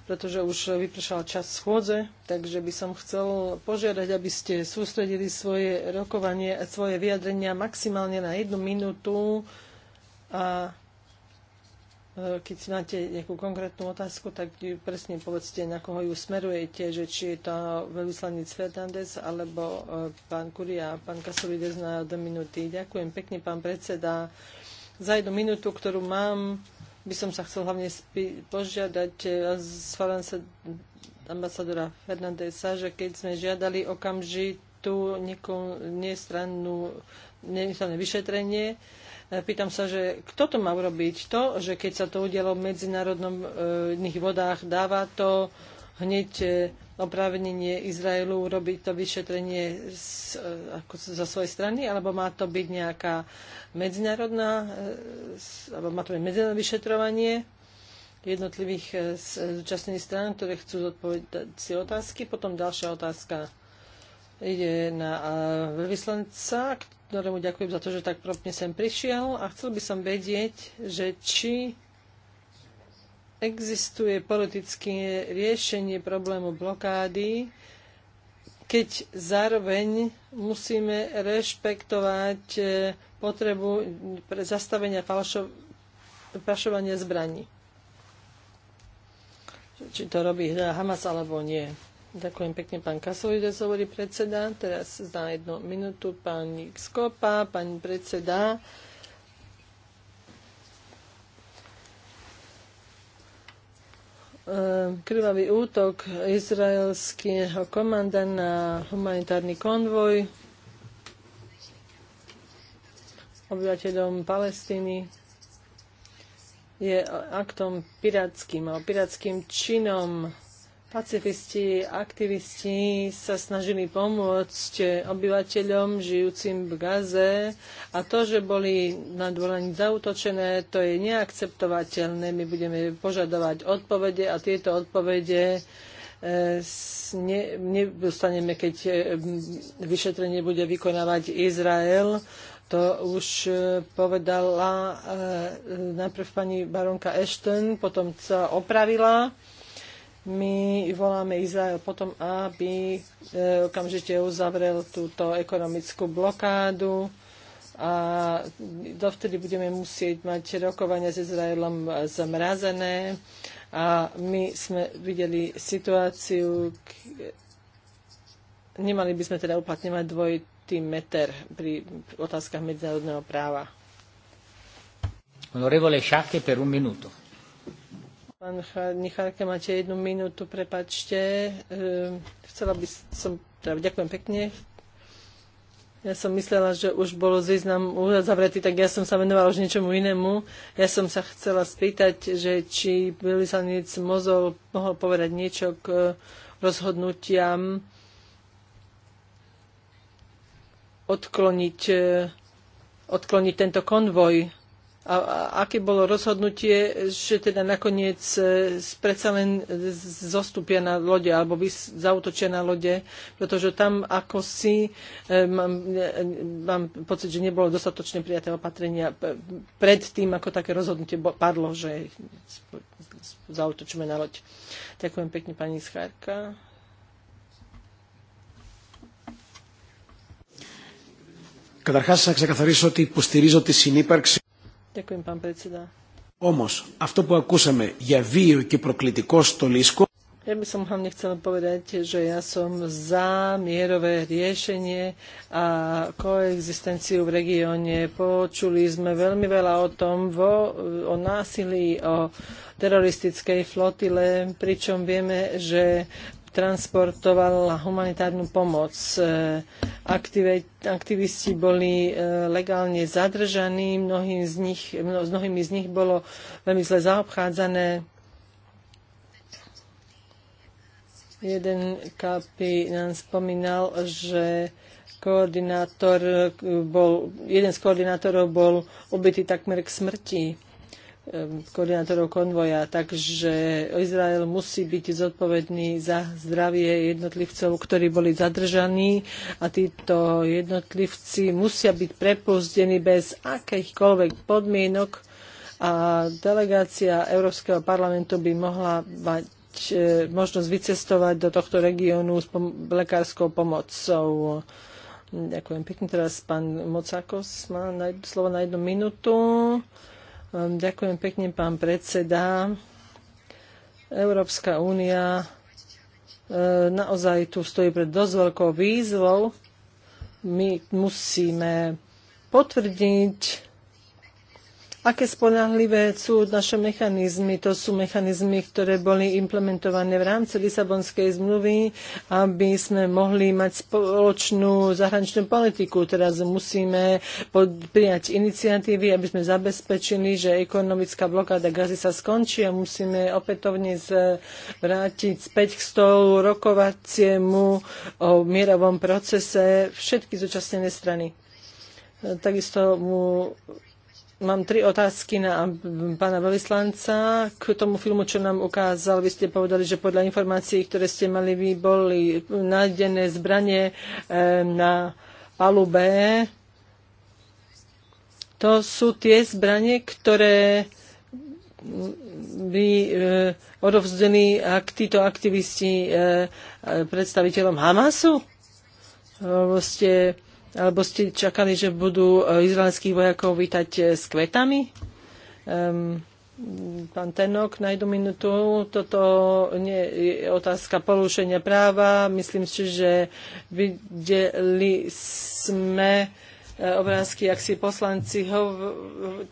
pretože už vypršala čas schôdze, takže by som chcel požiadať, aby ste sústredili svoje rokovanie a svoje vyjadrenia maximálne na jednu minútu, a e, keď máte nejakú konkrétnu otázku, tak presne povedzte, na koho ju smerujete, že či je to veľvyslanec Fernández alebo e, pán Kuria, pán Kasovides na do minúty. Ďakujem pekne, pán predseda. Za jednu minútu, ktorú mám, by som sa chcel hlavne požiadať e, z ambasadora Fernandesa, že keď sme žiadali okamžitú nestrannú nestranné vyšetrenie, Pýtam sa, že kto to má urobiť? To, že keď sa to udialo v medzinárodných e, vodách, dáva to hneď e, oprávnenie Izraelu robiť to vyšetrenie z, e, ako za svojej strany, alebo má to byť nejaká medzinárodná, alebo má to byť medzinárodné vyšetrovanie jednotlivých zúčastnených stran, ktoré chcú zodpovedať si otázky. Potom ďalšia otázka ide na veľvyslanca, ktorému ďakujem za to, že tak promptne sem prišiel a chcel by som vedieť, že či existuje politické riešenie problému blokády, keď zároveň musíme rešpektovať e, potrebu pre zastavenia falšo- zbraní. Či to robí Hamas alebo nie. Ďakujem pekne, pán Kasolides, hovorí predseda. Teraz za jednu minútu pani Skopa, pani predseda. E, krvavý útok izraelského komanda na humanitárny konvoj obyvateľom Palestíny je aktom pirátským alebo pirátským činom Pacifisti, aktivisti sa snažili pomôcť obyvateľom žijúcim v Gaze a to, že boli na dôlení zautočené, to je neakceptovateľné. My budeme požadovať odpovede a tieto odpovede e, nedostaneme, keď e, vyšetrenie bude vykonávať Izrael. To už e, povedala najprv pani baronka Ashton, potom sa opravila my voláme Izrael potom, aby e, okamžite uzavrel túto ekonomickú blokádu a dovtedy budeme musieť mať rokovania s Izraelom zmrazené. A my sme videli situáciu, nemali by sme teda uplatňovať dvojitý meter pri otázkach medzinárodného práva. Onorevole Sciacche per un minuto. Pán Michalke, máte jednu minútu, prepačte. Ehm, chcela by som, teda ďakujem pekne. Ja som myslela, že už bol zíznam zavretý, tak ja som sa venovala už niečomu inému. Ja som sa chcela spýtať, že či veľvyslanec Mozol mohol povedať niečo k rozhodnutiam odkloniť, odkloniť tento konvoj a, a aké bolo rozhodnutie, že teda nakoniec e, predsa len zostupia na lode alebo vys, zautočia na lode, pretože tam ako si e, mám, e, mám pocit, že nebolo dostatočne prijaté opatrenia pred tým, ako také rozhodnutie padlo, že zautočíme na loď. Ďakujem pekne pani Schárka. Καταρχάς θα ξεκαθαρίσω ότι υποστηρίζω τη συνύπαρξη Ďakujem, pán predseda. Όμως, αυτό που ακούσαμε για βίο και προκλητικό Ja by som hlavne chcela povedať, že ja som za mierové riešenie a koexistenciu v regióne. Počuli sme veľmi veľa o tom, vo, o násilí, o teroristickej flotile, pričom vieme, že transportovala humanitárnu pomoc. E, aktivisti boli e, legálne zadržaní, mnohým z nich, s mnohými z nich bolo veľmi zle zaobchádzané. Jeden kapi nám spomínal, že koordinátor e, bol, jeden z koordinátorov bol ubytý takmer k smrti Um, koordinátorov konvoja. Takže Izrael musí byť zodpovedný za zdravie jednotlivcov, ktorí boli zadržaní a títo jednotlivci musia byť prepustení bez akýchkoľvek podmienok a delegácia Európskeho parlamentu by mohla mať e, možnosť vycestovať do tohto regiónu s pom- lekárskou pomocou. Ďakujem pekne. Teraz pán Mocakos má slovo na jednu minútu. Hm, ďakujem pekne, pán predseda. Európska únia e, naozaj tu stojí pred dosť veľkou výzvou. My musíme potvrdiť Aké spolahlivé sú naše mechanizmy? To sú mechanizmy, ktoré boli implementované v rámci Lisabonskej zmluvy, aby sme mohli mať spoločnú zahraničnú politiku. Teraz musíme prijať iniciatívy, aby sme zabezpečili, že ekonomická blokáda gazy sa skončí a musíme opätovne vrátiť späť k stolu rokovaciemu o mierovom procese všetky zúčastnené strany. Takisto mu Mám tri otázky na pána veľvyslanca. K tomu filmu, čo nám ukázal, vy ste povedali, že podľa informácií, ktoré ste mali vy, boli nájdené zbranie eh, na palube. To sú tie zbranie, ktoré by eh, odovzdeli ak títo aktivisti eh, predstaviteľom Hamasu? Lebo ste alebo ste čakali, že budú eh, izraelských vojakov vítať eh, s kvetami? Um, pán Tenok, na jednu minútu. Toto nie je otázka porušenia práva. Myslím si, že videli sme E, obrázky, ak si poslanci ho,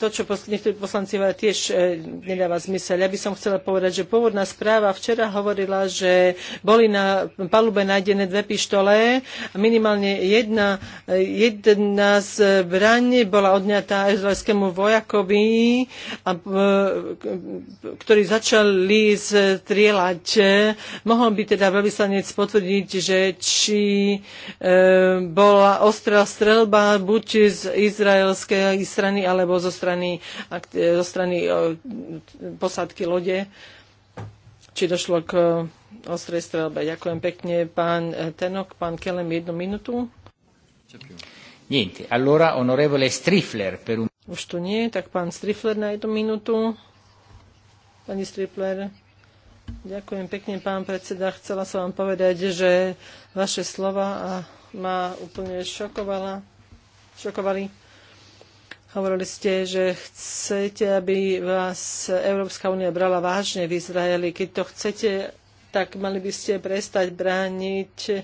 to, čo niektorí poslanci hovoria, tiež e, nedáva zmysel. Ja by som chcela povedať, že pôvodná správa včera hovorila, že boli na palube nájdené dve pištole a minimálne jedna, e, jedna z braň bola odňatá izraelskému vojakovi, a, ktorý začali strieľať. Mohol by teda veľvyslanec potvrdiť, že či e, bola ostrá strelba, buď buď z izraelskej strany alebo zo strany, zo strany posádky lode či došlo k ostrej strelbe. Ďakujem pekne. Pán Tenok, pán Kelem, jednu minútu. Niente. Allora, onorevole Strifler, per un... Už tu nie, tak pán Strifler na jednu minútu. Pani Strifler. Ďakujem pekne, pán predseda. Chcela som vám povedať, že vaše slova ma úplne šokovala šokovali. Hovorili ste, že chcete, aby vás Európska únia brala vážne v Izraeli. Keď to chcete, tak mali by ste prestať brániť eh,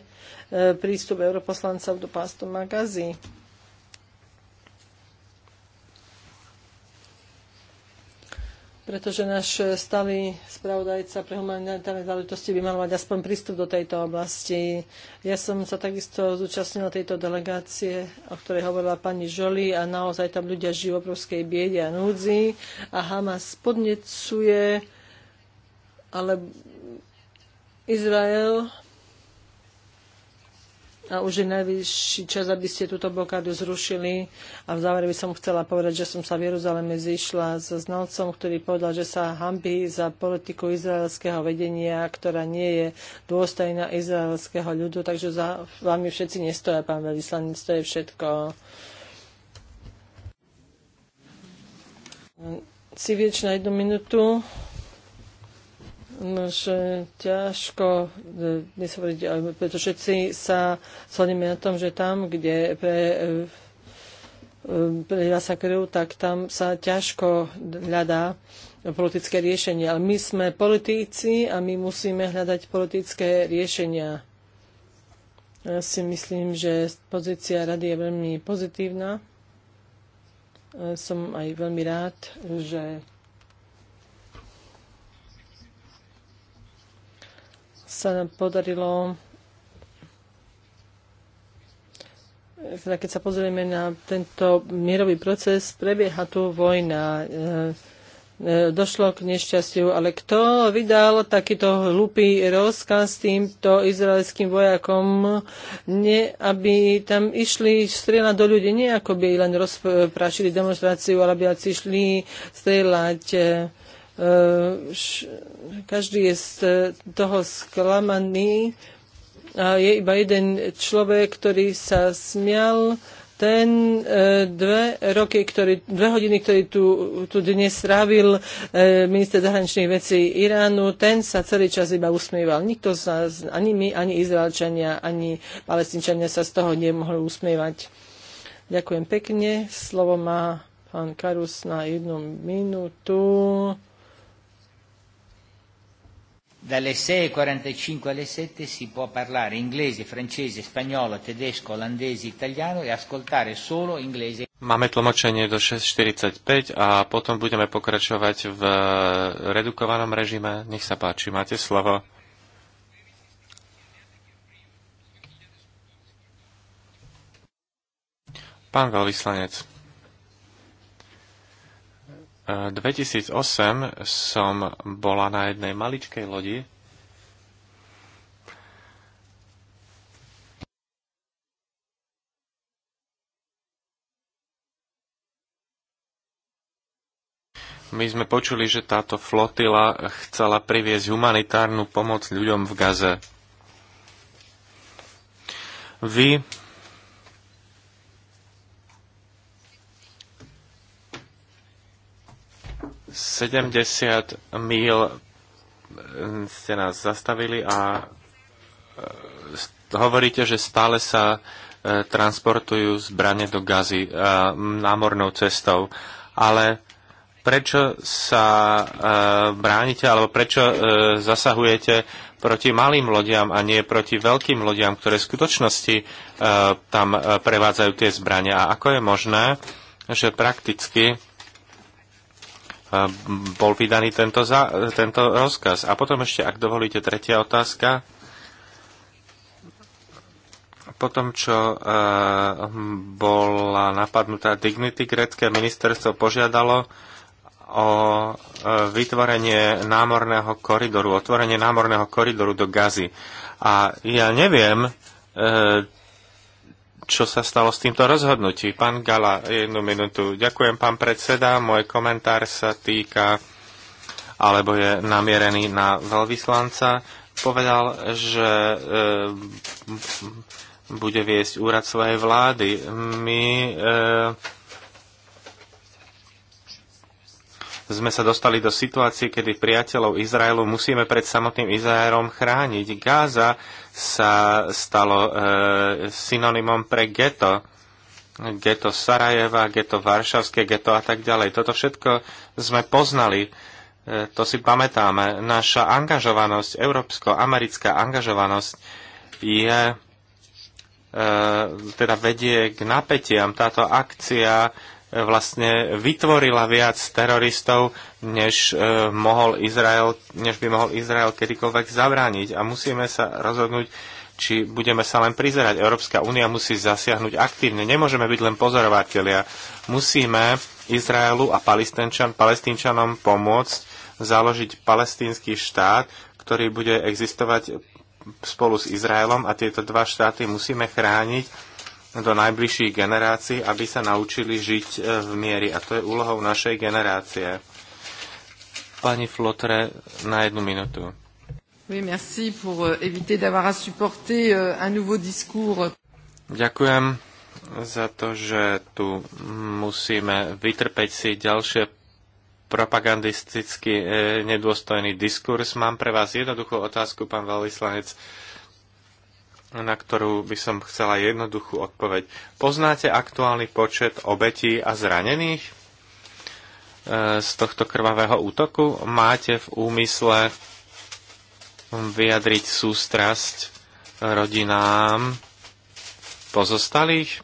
prístup europoslancov do pástu magazí. pretože náš stály spravodajca pre humanitárne záležitosti by mal mať aspoň prístup do tejto oblasti. Ja som sa takisto zúčastnila tejto delegácie, o ktorej hovorila pani Žoli a naozaj tam ľudia žijú v obrovskej biede a núdzi a Hamas podnecuje ale Izrael a už je najvyšší čas, aby ste túto blokádu zrušili. A v závere by som chcela povedať, že som sa v Jeruzaleme zišla so znalcom, ktorý povedal, že sa hambí za politiku izraelského vedenia, ktorá nie je dôstojná izraelského ľudu. Takže za vami všetci nestoja, pán veľvyslanec, to je všetko. Si vieč na jednu minútu že ťažko e, dnes pretože všetci sa shodneme na tom, že tam, kde pre, e, e, pre sa krv, tak tam sa ťažko hľadá politické riešenie. Ale my sme politíci a my musíme hľadať politické riešenia. Ja si myslím, že pozícia rady je veľmi pozitívna. Som aj veľmi rád, že sa nám podarilo teda keď sa pozrieme na tento mierový proces, prebieha tu vojna. E, e, došlo k nešťastiu, ale kto vydal takýto hlupý rozkaz týmto izraelským vojakom, nie, aby tam išli strieľať do ľudí, nie ako by len rozprášili demonstráciu, ale aby si išli strieľať e, Ehm, každý je z toho sklamaný. A je iba jeden človek, ktorý sa smial. Ten e, dve, roky, ktorý, dve hodiny, ktorý tu, tu dnes strávil e, minister zahraničných vecí Iránu, ten sa celý čas iba usmieval. Nikto z nás, ani my, ani Izraelčania, ani Palestinčania sa z toho nemohli usmievať. Ďakujem pekne. Slovo má pán Karus na jednu minútu dalle 6.45 e alle 7 si può parlare inglese, francese, spagnolo, tedesco, olandese, italiano e ascoltare solo inglese. Máme tlmočenie do 6.45 a potom budeme pokračovať v eh, redukovanom režime. Nech sa páči, máte slovo. Pán veľvyslanec. 2008 som bola na jednej maličkej lodi, My sme počuli, že táto flotila chcela priviesť humanitárnu pomoc ľuďom v Gaze. Vy 70 mil eh, ste nás zastavili a eh, hovoríte, že stále sa eh, transportujú zbranie do gazy námornou cestou, ale prečo sa bránite alebo prečo zasahujete proti malým lodiam a nie proti veľkým lodiam, ktoré v skutočnosti tam prevádzajú tie zbrania. A ako je možné, že prakticky bol vydaný tento, za, tento rozkaz. A potom ešte, ak dovolíte, tretia otázka. Po tom, čo uh, bola napadnutá Dignity, grecké ministerstvo požiadalo o uh, vytvorenie námorného koridoru, otvorenie námorného koridoru do Gazy. A ja neviem, uh, čo sa stalo s týmto rozhodnutím? Pán Gala, jednu minútu. Ďakujem, pán predseda. Môj komentár sa týka, alebo je namierený na veľvyslanca. Povedal, že e, bude viesť úrad svojej vlády. My e, sme sa dostali do situácie, kedy priateľov Izraelu musíme pred samotným Izraelom chrániť. Gáza sa stalo e, synonymom pre geto. Geto Sarajeva, geto Varšavské, geto a tak ďalej. Toto všetko sme poznali. E, to si pamätáme. Naša angažovanosť, európsko-americká angažovanosť je e, teda vedie k napätiam. Táto akcia vlastne vytvorila viac teroristov, než, e, mohol Izrael, než by mohol Izrael kedykoľvek zabrániť. A musíme sa rozhodnúť, či budeme sa len prizerať. Európska únia musí zasiahnuť aktívne. Nemôžeme byť len pozorovatelia. Musíme Izraelu a palestínčanom pomôcť založiť palestínsky štát, ktorý bude existovať spolu s Izraelom a tieto dva štáty musíme chrániť do najbližších generácií, aby sa naučili žiť e, v miery. A to je úlohou našej generácie. Pani Flotre, na jednu minútu. Oui, merci pour euh, éviter d'avoir à supporter euh, un nouveau discours. Ďakujem za to, že tu musíme vytrpeť si ďalšie propagandisticky e, nedôstojný diskurs. Mám pre vás jednoduchú otázku, pán Valislanec na ktorú by som chcela jednoduchú odpoveď. Poznáte aktuálny počet obetí a zranených e, z tohto krvavého útoku? Máte v úmysle vyjadriť sústrasť rodinám pozostalých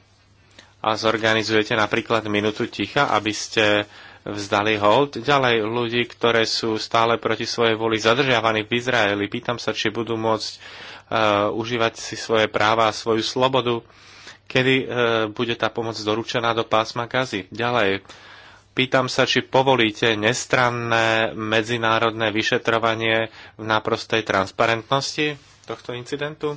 a zorganizujete napríklad minutu ticha, aby ste vzdali hold. Ďalej ľudí, ktoré sú stále proti svojej voli zadržiavaní v Izraeli. Pýtam sa, či budú môcť Eh, užívať si svoje práva a svoju slobodu, kedy eh, bude tá pomoc doručená do pásma gazy. Ďalej, Pýtam sa, či povolíte nestranné medzinárodné vyšetrovanie v náprostej transparentnosti tohto incidentu?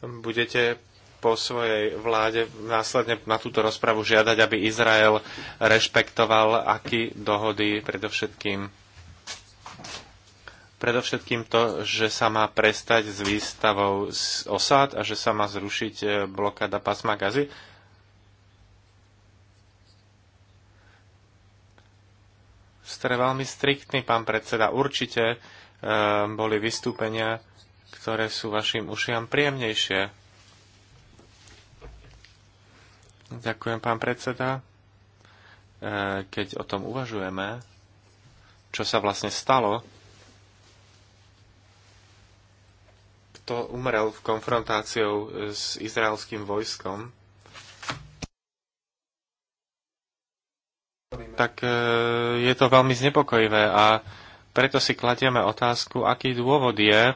Budete po svojej vláde následne na túto rozpravu žiadať, aby Izrael rešpektoval aký dohody predovšetkým Predovšetkým to, že sa má prestať s výstavou z osád a že sa má zrušiť e, blokáda pasma gazy. Ste veľmi striktný, pán predseda. Určite e, boli vystúpenia, ktoré sú vašim ušiam príjemnejšie. Ďakujem, pán predseda. E, keď o tom uvažujeme, čo sa vlastne stalo, To umrel v konfrontáciou s izraelským vojskom, tak e, je to veľmi znepokojivé a preto si kladieme otázku, aký dôvod je,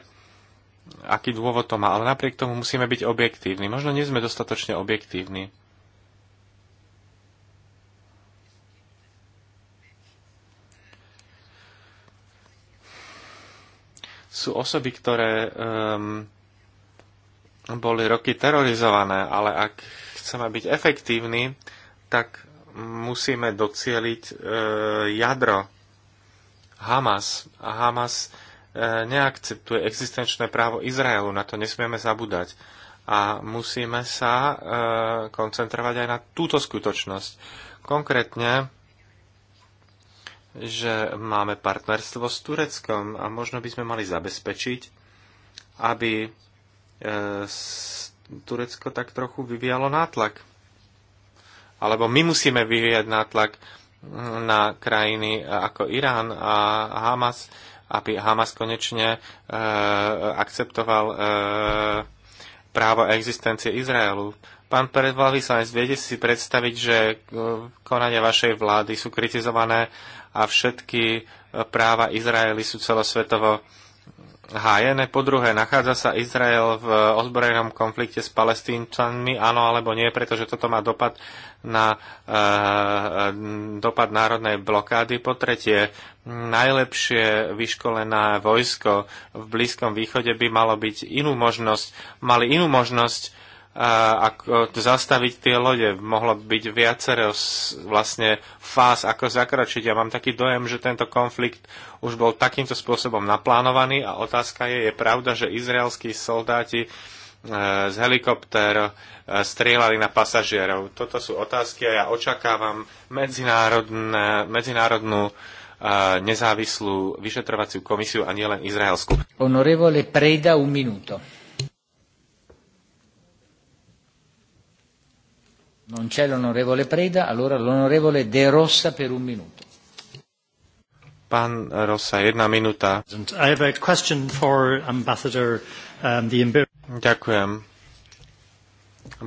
aký dôvod to má. Ale napriek tomu musíme byť objektívni. Možno nie sme dostatočne objektívni. sú osoby, ktoré um, boli roky terorizované, ale ak chceme byť efektívni, tak musíme docieliť e, jadro Hamas. A Hamas e, neakceptuje existenčné právo Izraelu, na to nesmieme zabúdať. A musíme sa e, koncentrovať aj na túto skutočnosť. Konkrétne že máme partnerstvo s Tureckom a možno by sme mali zabezpečiť, aby e, Turecko tak trochu vyvíjalo nátlak. Alebo my musíme vyvíjať nátlak na krajiny ako Irán a Hamas, aby Hamas konečne e, akceptoval e, právo existencie Izraelu. Pán sa viete si predstaviť, že konania vašej vlády sú kritizované a všetky práva Izraeli sú celosvetovo hájené. Po druhé, nachádza sa Izrael v ozbrojenom konflikte s palestínčanmi, áno alebo nie, pretože toto má dopad na e, dopad národnej blokády. Po tretie, najlepšie vyškolené vojsko v Blízkom východe by malo byť inú možnosť, mali inú možnosť ako zastaviť tie lode. Mohlo byť viacero vlastne fáz, ako zakročiť. Ja mám taký dojem, že tento konflikt už bol takýmto spôsobom naplánovaný a otázka je, je pravda, že izraelskí soldáti e, z helikoptér e, strieľali na pasažierov. Toto sú otázky a ja očakávam medzinárodnú e, nezávislú vyšetrovaciu komisiu a nielen izraelskú. Honorevole, prejda un minuto. Non c'è l'onorevole Preda, allora l'onorevole De Rossa per un minuto. jedna I have a question for ambassador, um, the... Ďakujem.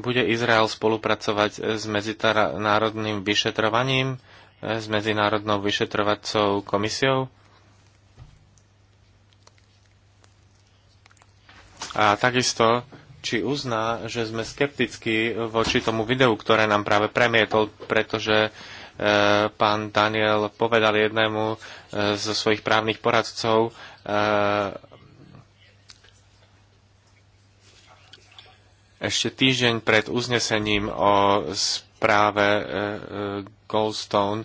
Bude Izrael spolupracovať s medzinárodným vyšetrovaním, eh, s medzinárodnou vyšetrovacou komisiou? A takisto či uzná, že sme skeptickí voči tomu videu, ktoré nám práve premietol, pretože e, pán Daniel povedal jednému e, zo svojich právnych poradcov, e, ešte týždeň pred uznesením o správe e, e, Goldstone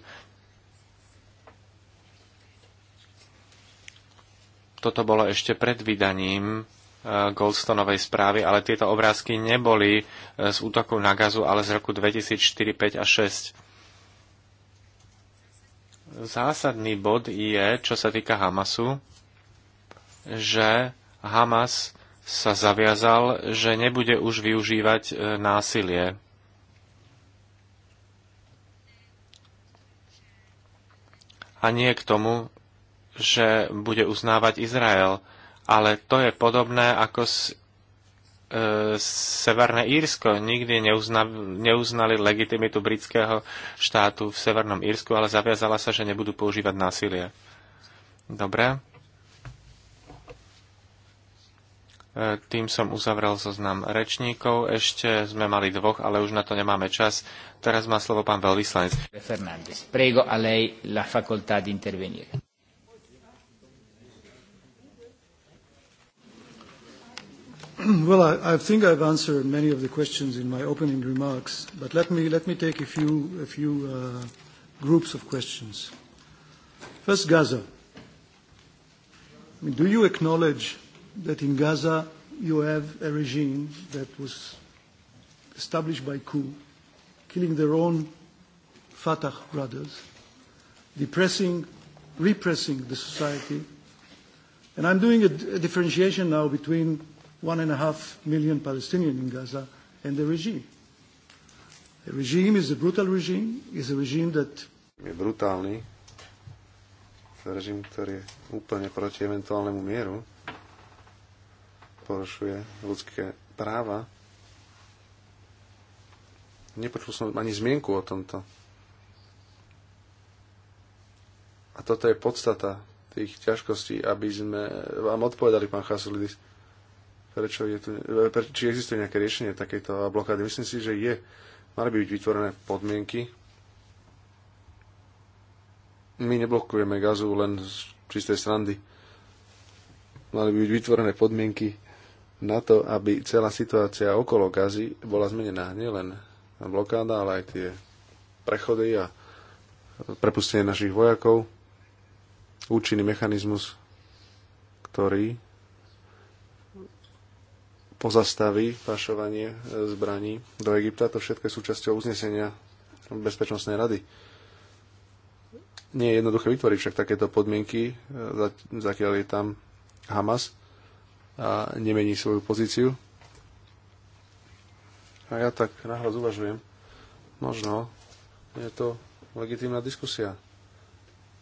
toto bolo ešte pred vydaním Goldstonovej správy, ale tieto obrázky neboli e, z útoku na gazu, ale z roku 2004, 5 a 6. Zásadný bod je, čo sa týka Hamasu, že Hamas sa zaviazal, že nebude už využívať e, násilie. A nie k tomu, že bude uznávať Izrael ale to je podobné ako s, e, Severné Írsko. Nikdy neuzna, neuznali legitimitu britského štátu v Severnom Írsku, ale zaviazala sa, že nebudú používať násilie. Dobre. E, tým som uzavrel zoznam rečníkov. Ešte sme mali dvoch, ale už na to nemáme čas. Teraz má slovo pán veľvyslanec. Fernández, prego a lei la facoltà di intervenire. well, I, I think I've answered many of the questions in my opening remarks, but let me, let me take a few, a few uh, groups of questions. First, Gaza. I mean, do you acknowledge that in Gaza you have a regime that was established by coup, killing their own Fatah brothers, depressing, repressing the society? And I'm doing a, a differentiation now between one and a half million Palestinians in Gaza and the regime. The regime is a brutal regime, is a regime that... Je brutálny, režim, ktorý je úplne proti eventuálnemu mieru, porušuje ľudské práva. Nepočul som ani zmienku o tomto. A toto je podstata tých ťažkostí, aby sme vám odpovedali, pán Chasulidis prečo je tu, e, pre, či existuje nejaké riešenie takejto blokády. Myslím si, že je. Mali by byť vytvorené podmienky. My neblokujeme gazu len z čistej srandy. Mali by byť vytvorené podmienky na to, aby celá situácia okolo gazy bola zmenená. len blokáda, ale aj tie prechody a prepustenie našich vojakov. Účinný mechanizmus, ktorý pozastaví pašovanie e, zbraní do Egypta. To všetko je súčasťou uznesenia Bezpečnostnej rady. Nie je jednoduché vytvoriť však takéto podmienky, e, zakiaľ je tam Hamas a nemení svoju pozíciu. A ja tak nahlas uvažujem, možno je to legitímna diskusia.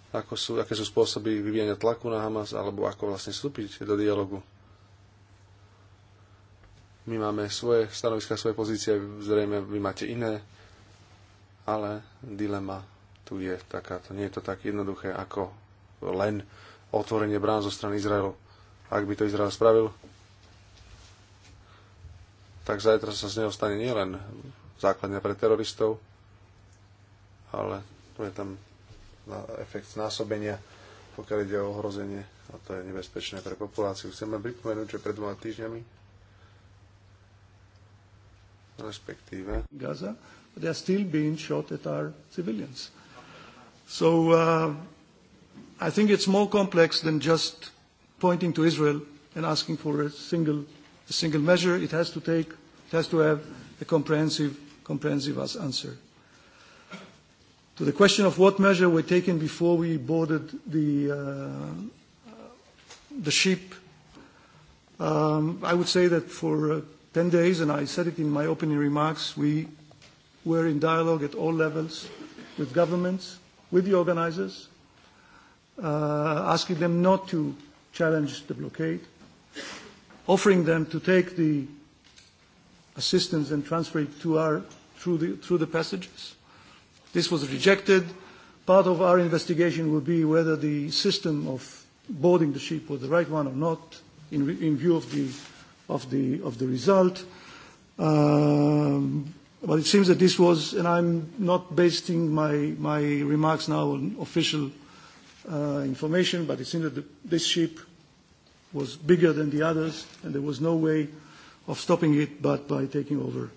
Ako sú, aké sú spôsoby vyvíjania tlaku na Hamas, alebo ako vlastne vstúpiť do dialogu my máme svoje stanoviska, svoje pozície, zrejme vy máte iné, ale dilema tu je takáto. Nie je to tak jednoduché ako len otvorenie brán zo strany Izraelu. Ak by to Izrael spravil, tak zajtra sa z neho stane nielen základňa pre teroristov, ale tu je tam efekt znásobenia, pokiaľ ide o ohrozenie a to je nebezpečné pre populáciu. Chcem len pripomenúť, že pred dvoma týždňami respektíve Gaza, but they are still being shot at our civilians. So uh, I think it's more complex than just pointing to Israel and asking for a single, a single measure. It has to take, it has to have a comprehensive, comprehensive answer. To the question of what measure were taken before we boarded the, uh, the ship, um, I would say that for uh, 10 days, and I said it in my opening remarks, we were in dialogue at all levels with governments, with the organizers, uh, asking them not to challenge the blockade, offering them to take the assistance and transfer it to our, through, the, through the passages. This was rejected. Part of our investigation will be whether the system of boarding the ship was the right one or not in, in view of the of the, of the result. Um, but it seems that this was, and I'm not basing my, my remarks now on official uh, information, but it seems that the, this ship was bigger than the others, and there was no way of stopping it but by taking over.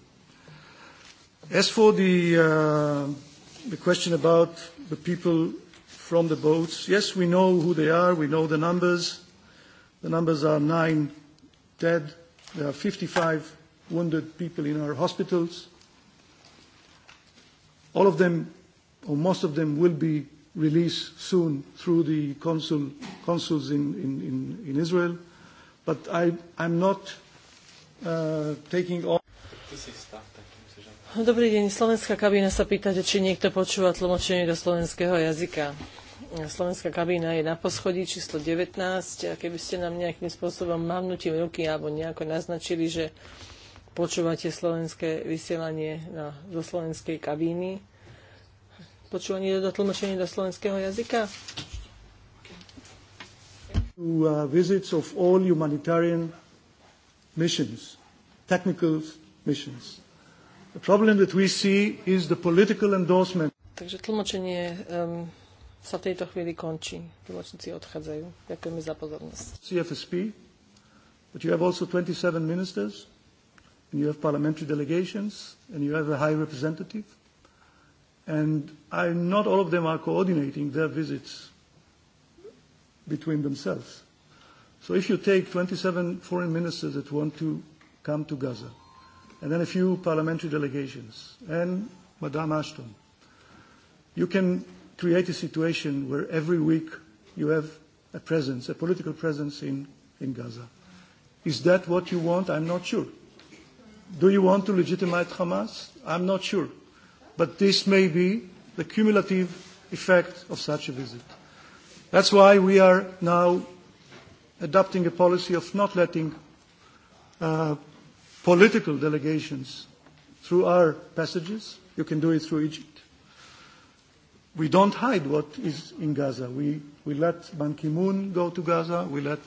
As for the, uh, the question about the people from the boats, yes, we know who they are, we know the numbers. The numbers are nine dead. There are 55 wounded people in our hospitals. All of them, or most of them, will be released soon through the consul, consuls in, in, in, in Israel. But I, I'm not uh, taking all. Dobrý deň, slovenská kabína sa pýta, či niekto počúva tlmočenie do slovenského jazyka. Slovenská kabína je na poschodí číslo 19 a keby ste nám nejakým spôsobom mávnutím ruky alebo nejako naznačili, že počúvate slovenské vysielanie na, zo slovenskej kabíny, počúvanie do tlmočenia do slovenského jazyka? To uh, visits of all humanitarian missions, technical missions. The problem that we see is the political endorsement. Takže tlmočenie um, sa v tejto chvíli končí. Tlmočníci odchádzajú. Ďakujem za pozornosť. CFSP, but you have also 27 ministers, and you have parliamentary delegations, and you have a high representative. And I, not all of them are coordinating their visits between themselves. So if you take 27 foreign ministers that want to come to Gaza, and then a few parliamentary delegations, and Madame Ashton, you can create a situation where every week you have a presence, a political presence in, in Gaza. Is that what you want? I'm not sure. Do you want to legitimize Hamas? I'm not sure. But this may be the cumulative effect of such a visit. That's why we are now adopting a policy of not letting uh, political delegations through our passages. You can do it through Egypt we don't hide what is in Gaza. We, we let Ban Ki-moon go to Gaza. We let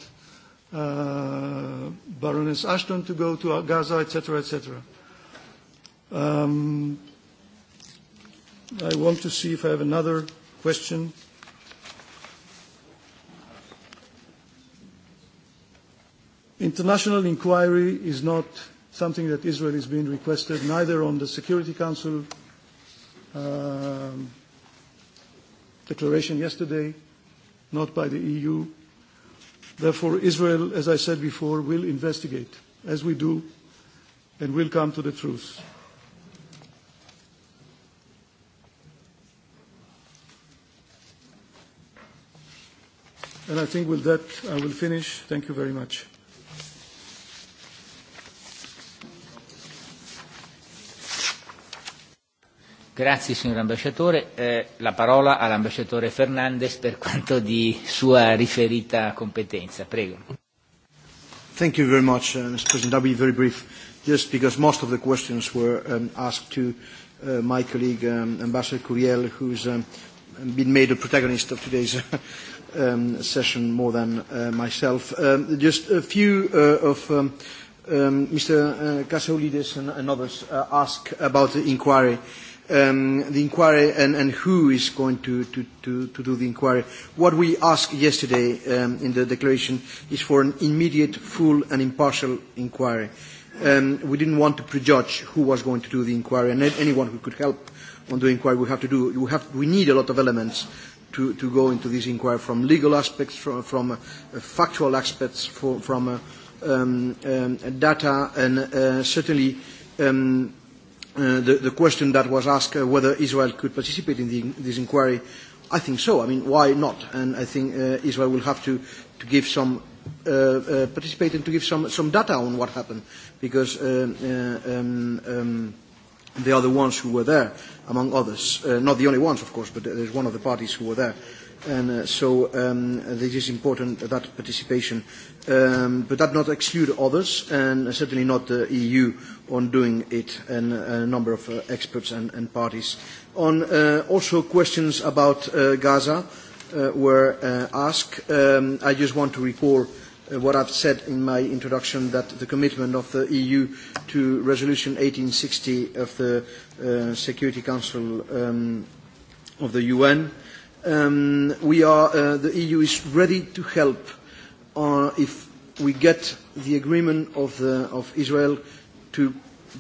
uh, Baroness Ashton to go to Gaza, etc., etc. Um, I want to see if I have another question. International inquiry is not something that Israel is being requested, neither on the Security Council um, declaration yesterday, not by the EU. Therefore, Israel, as I said before, will investigate, as we do, and will come to the truth. And I think with that, I will finish. Thank you very much. Grazie signor ambasciatore. Eh, la parola all'ambasciatore Fernandez per quanto di sua riferita competenza. Prego. Thank you very much, uh, Mr. President. I'll be very brief, just because most of the questions were um, asked to uh, my colleague, um, Ambassador Curiel, who's um, been made a protagonist of today's um, session more than uh, myself. Um, just a few uh, of um, um, Mr. Uh, Kasoulidis and, and others uh, ask about the inquiry. Uh, um, the inquiry and, and who is going to, to, to, to do the inquiry. What we asked yesterday um, in the declaration is for an immediate, full and impartial inquiry. Um, we didn't want to prejudge who was going to do the inquiry and anyone who could help on the inquiry we have to do. We, have, we need a lot of elements to, to go into this inquiry from legal aspects, from, from uh, factual aspects, for, from uh, um, um, data and uh, certainly um, Uh, the, the question that was asked uh, whether Israel could participate in the, this inquiry, I think so. I mean, why not? And I think uh, Israel will have to, to give some, uh, uh, participate and to give some, some data on what happened, because uh, uh, um, um, they are the ones who were there, among others. Uh, not the only ones, of course, but there's one of the parties who were there. Uh, And uh, so um, it is important that participation, um, but that not exclude others, and uh, certainly not the EU on doing it, and uh, a number of uh, experts and, and parties. On uh, also questions about uh, Gaza uh, were uh, asked. Um, I just want to recall uh, what I've said in my introduction that the commitment of the EU to Resolution 1860 of the uh, Security Council um, of the UN Um, we are, uh, the EU is ready to help uh, if we get the agreement of, the, uh, of Israel to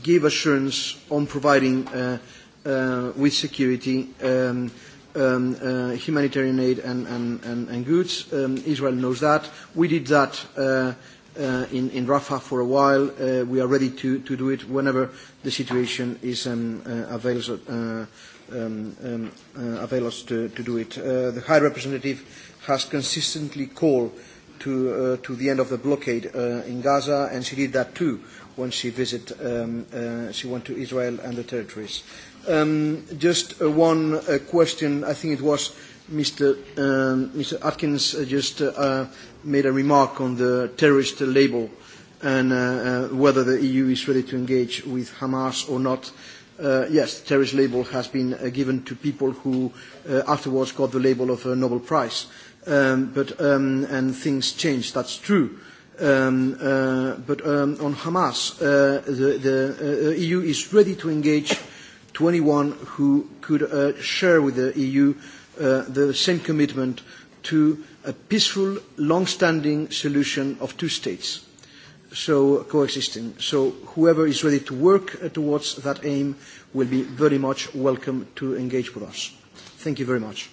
give assurance on providing uh, uh, with security um, um, uh, humanitarian aid and, and, and, and goods. Um, Israel knows that. We did that uh, uh, in, in Rafah for a while. Uh, we are ready to, to do it whenever the situation is um, uh, uh, um, um, uh, avail us to, to do it. Uh, the High Representative has consistently called to, uh, to the end of the blockade uh, in Gaza, and she did that too when she visited, um, uh, she went to Israel and the territories. Um, just uh, one uh, question, I think it was Mr. Um, Mr. Atkins uh, just uh, uh, made a remark on the terrorist label and uh, uh, whether the EU is ready to engage with Hamas or not. Uh, uh, yes, terrorist label has been uh, given to people who uh, afterwards got the label of a Nobel Prize. Um, but, um, and things changed, that's true. Um, uh, but um, on Hamas, uh, the, the uh, EU is ready to engage to anyone who could uh, share with the EU uh, the same commitment to a peaceful, long-standing solution of two states so coexisting. So whoever is ready to work uh, towards that aim will be very much welcome to engage with us. Thank you very much.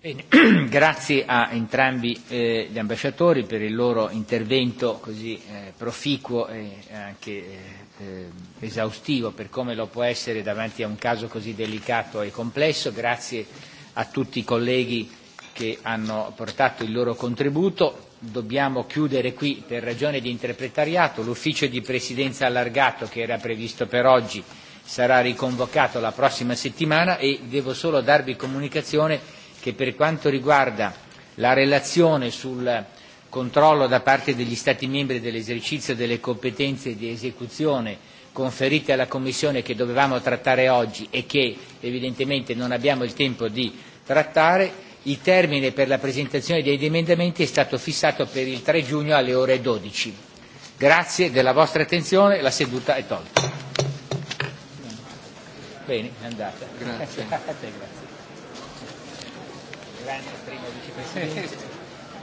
Bene. Grazie a entrambi eh, gli ambasciatori per il loro intervento così eh, proficuo e anche eh, eh, esaustivo per come lo può essere davanti a un caso così delicato e complesso. Grazie a tutti i colleghi che hanno portato il loro contributo dobbiamo chiudere qui per ragione di interpretariato. L'ufficio di presidenza allargato che era previsto per oggi sarà riconvocato la prossima settimana e devo solo darvi comunicazione che per quanto riguarda la relazione sul controllo da parte degli Stati membri dell'esercizio delle competenze di esecuzione conferite alla Commissione che dovevamo trattare oggi e che evidentemente non abbiamo il tempo di trattare, il termine per la presentazione degli emendamenti è stato fissato per il 3 giugno alle ore 12. Grazie della vostra attenzione, la seduta è tolta. Bene, è andata. Grazie. grazie, grazie. Grazie. primo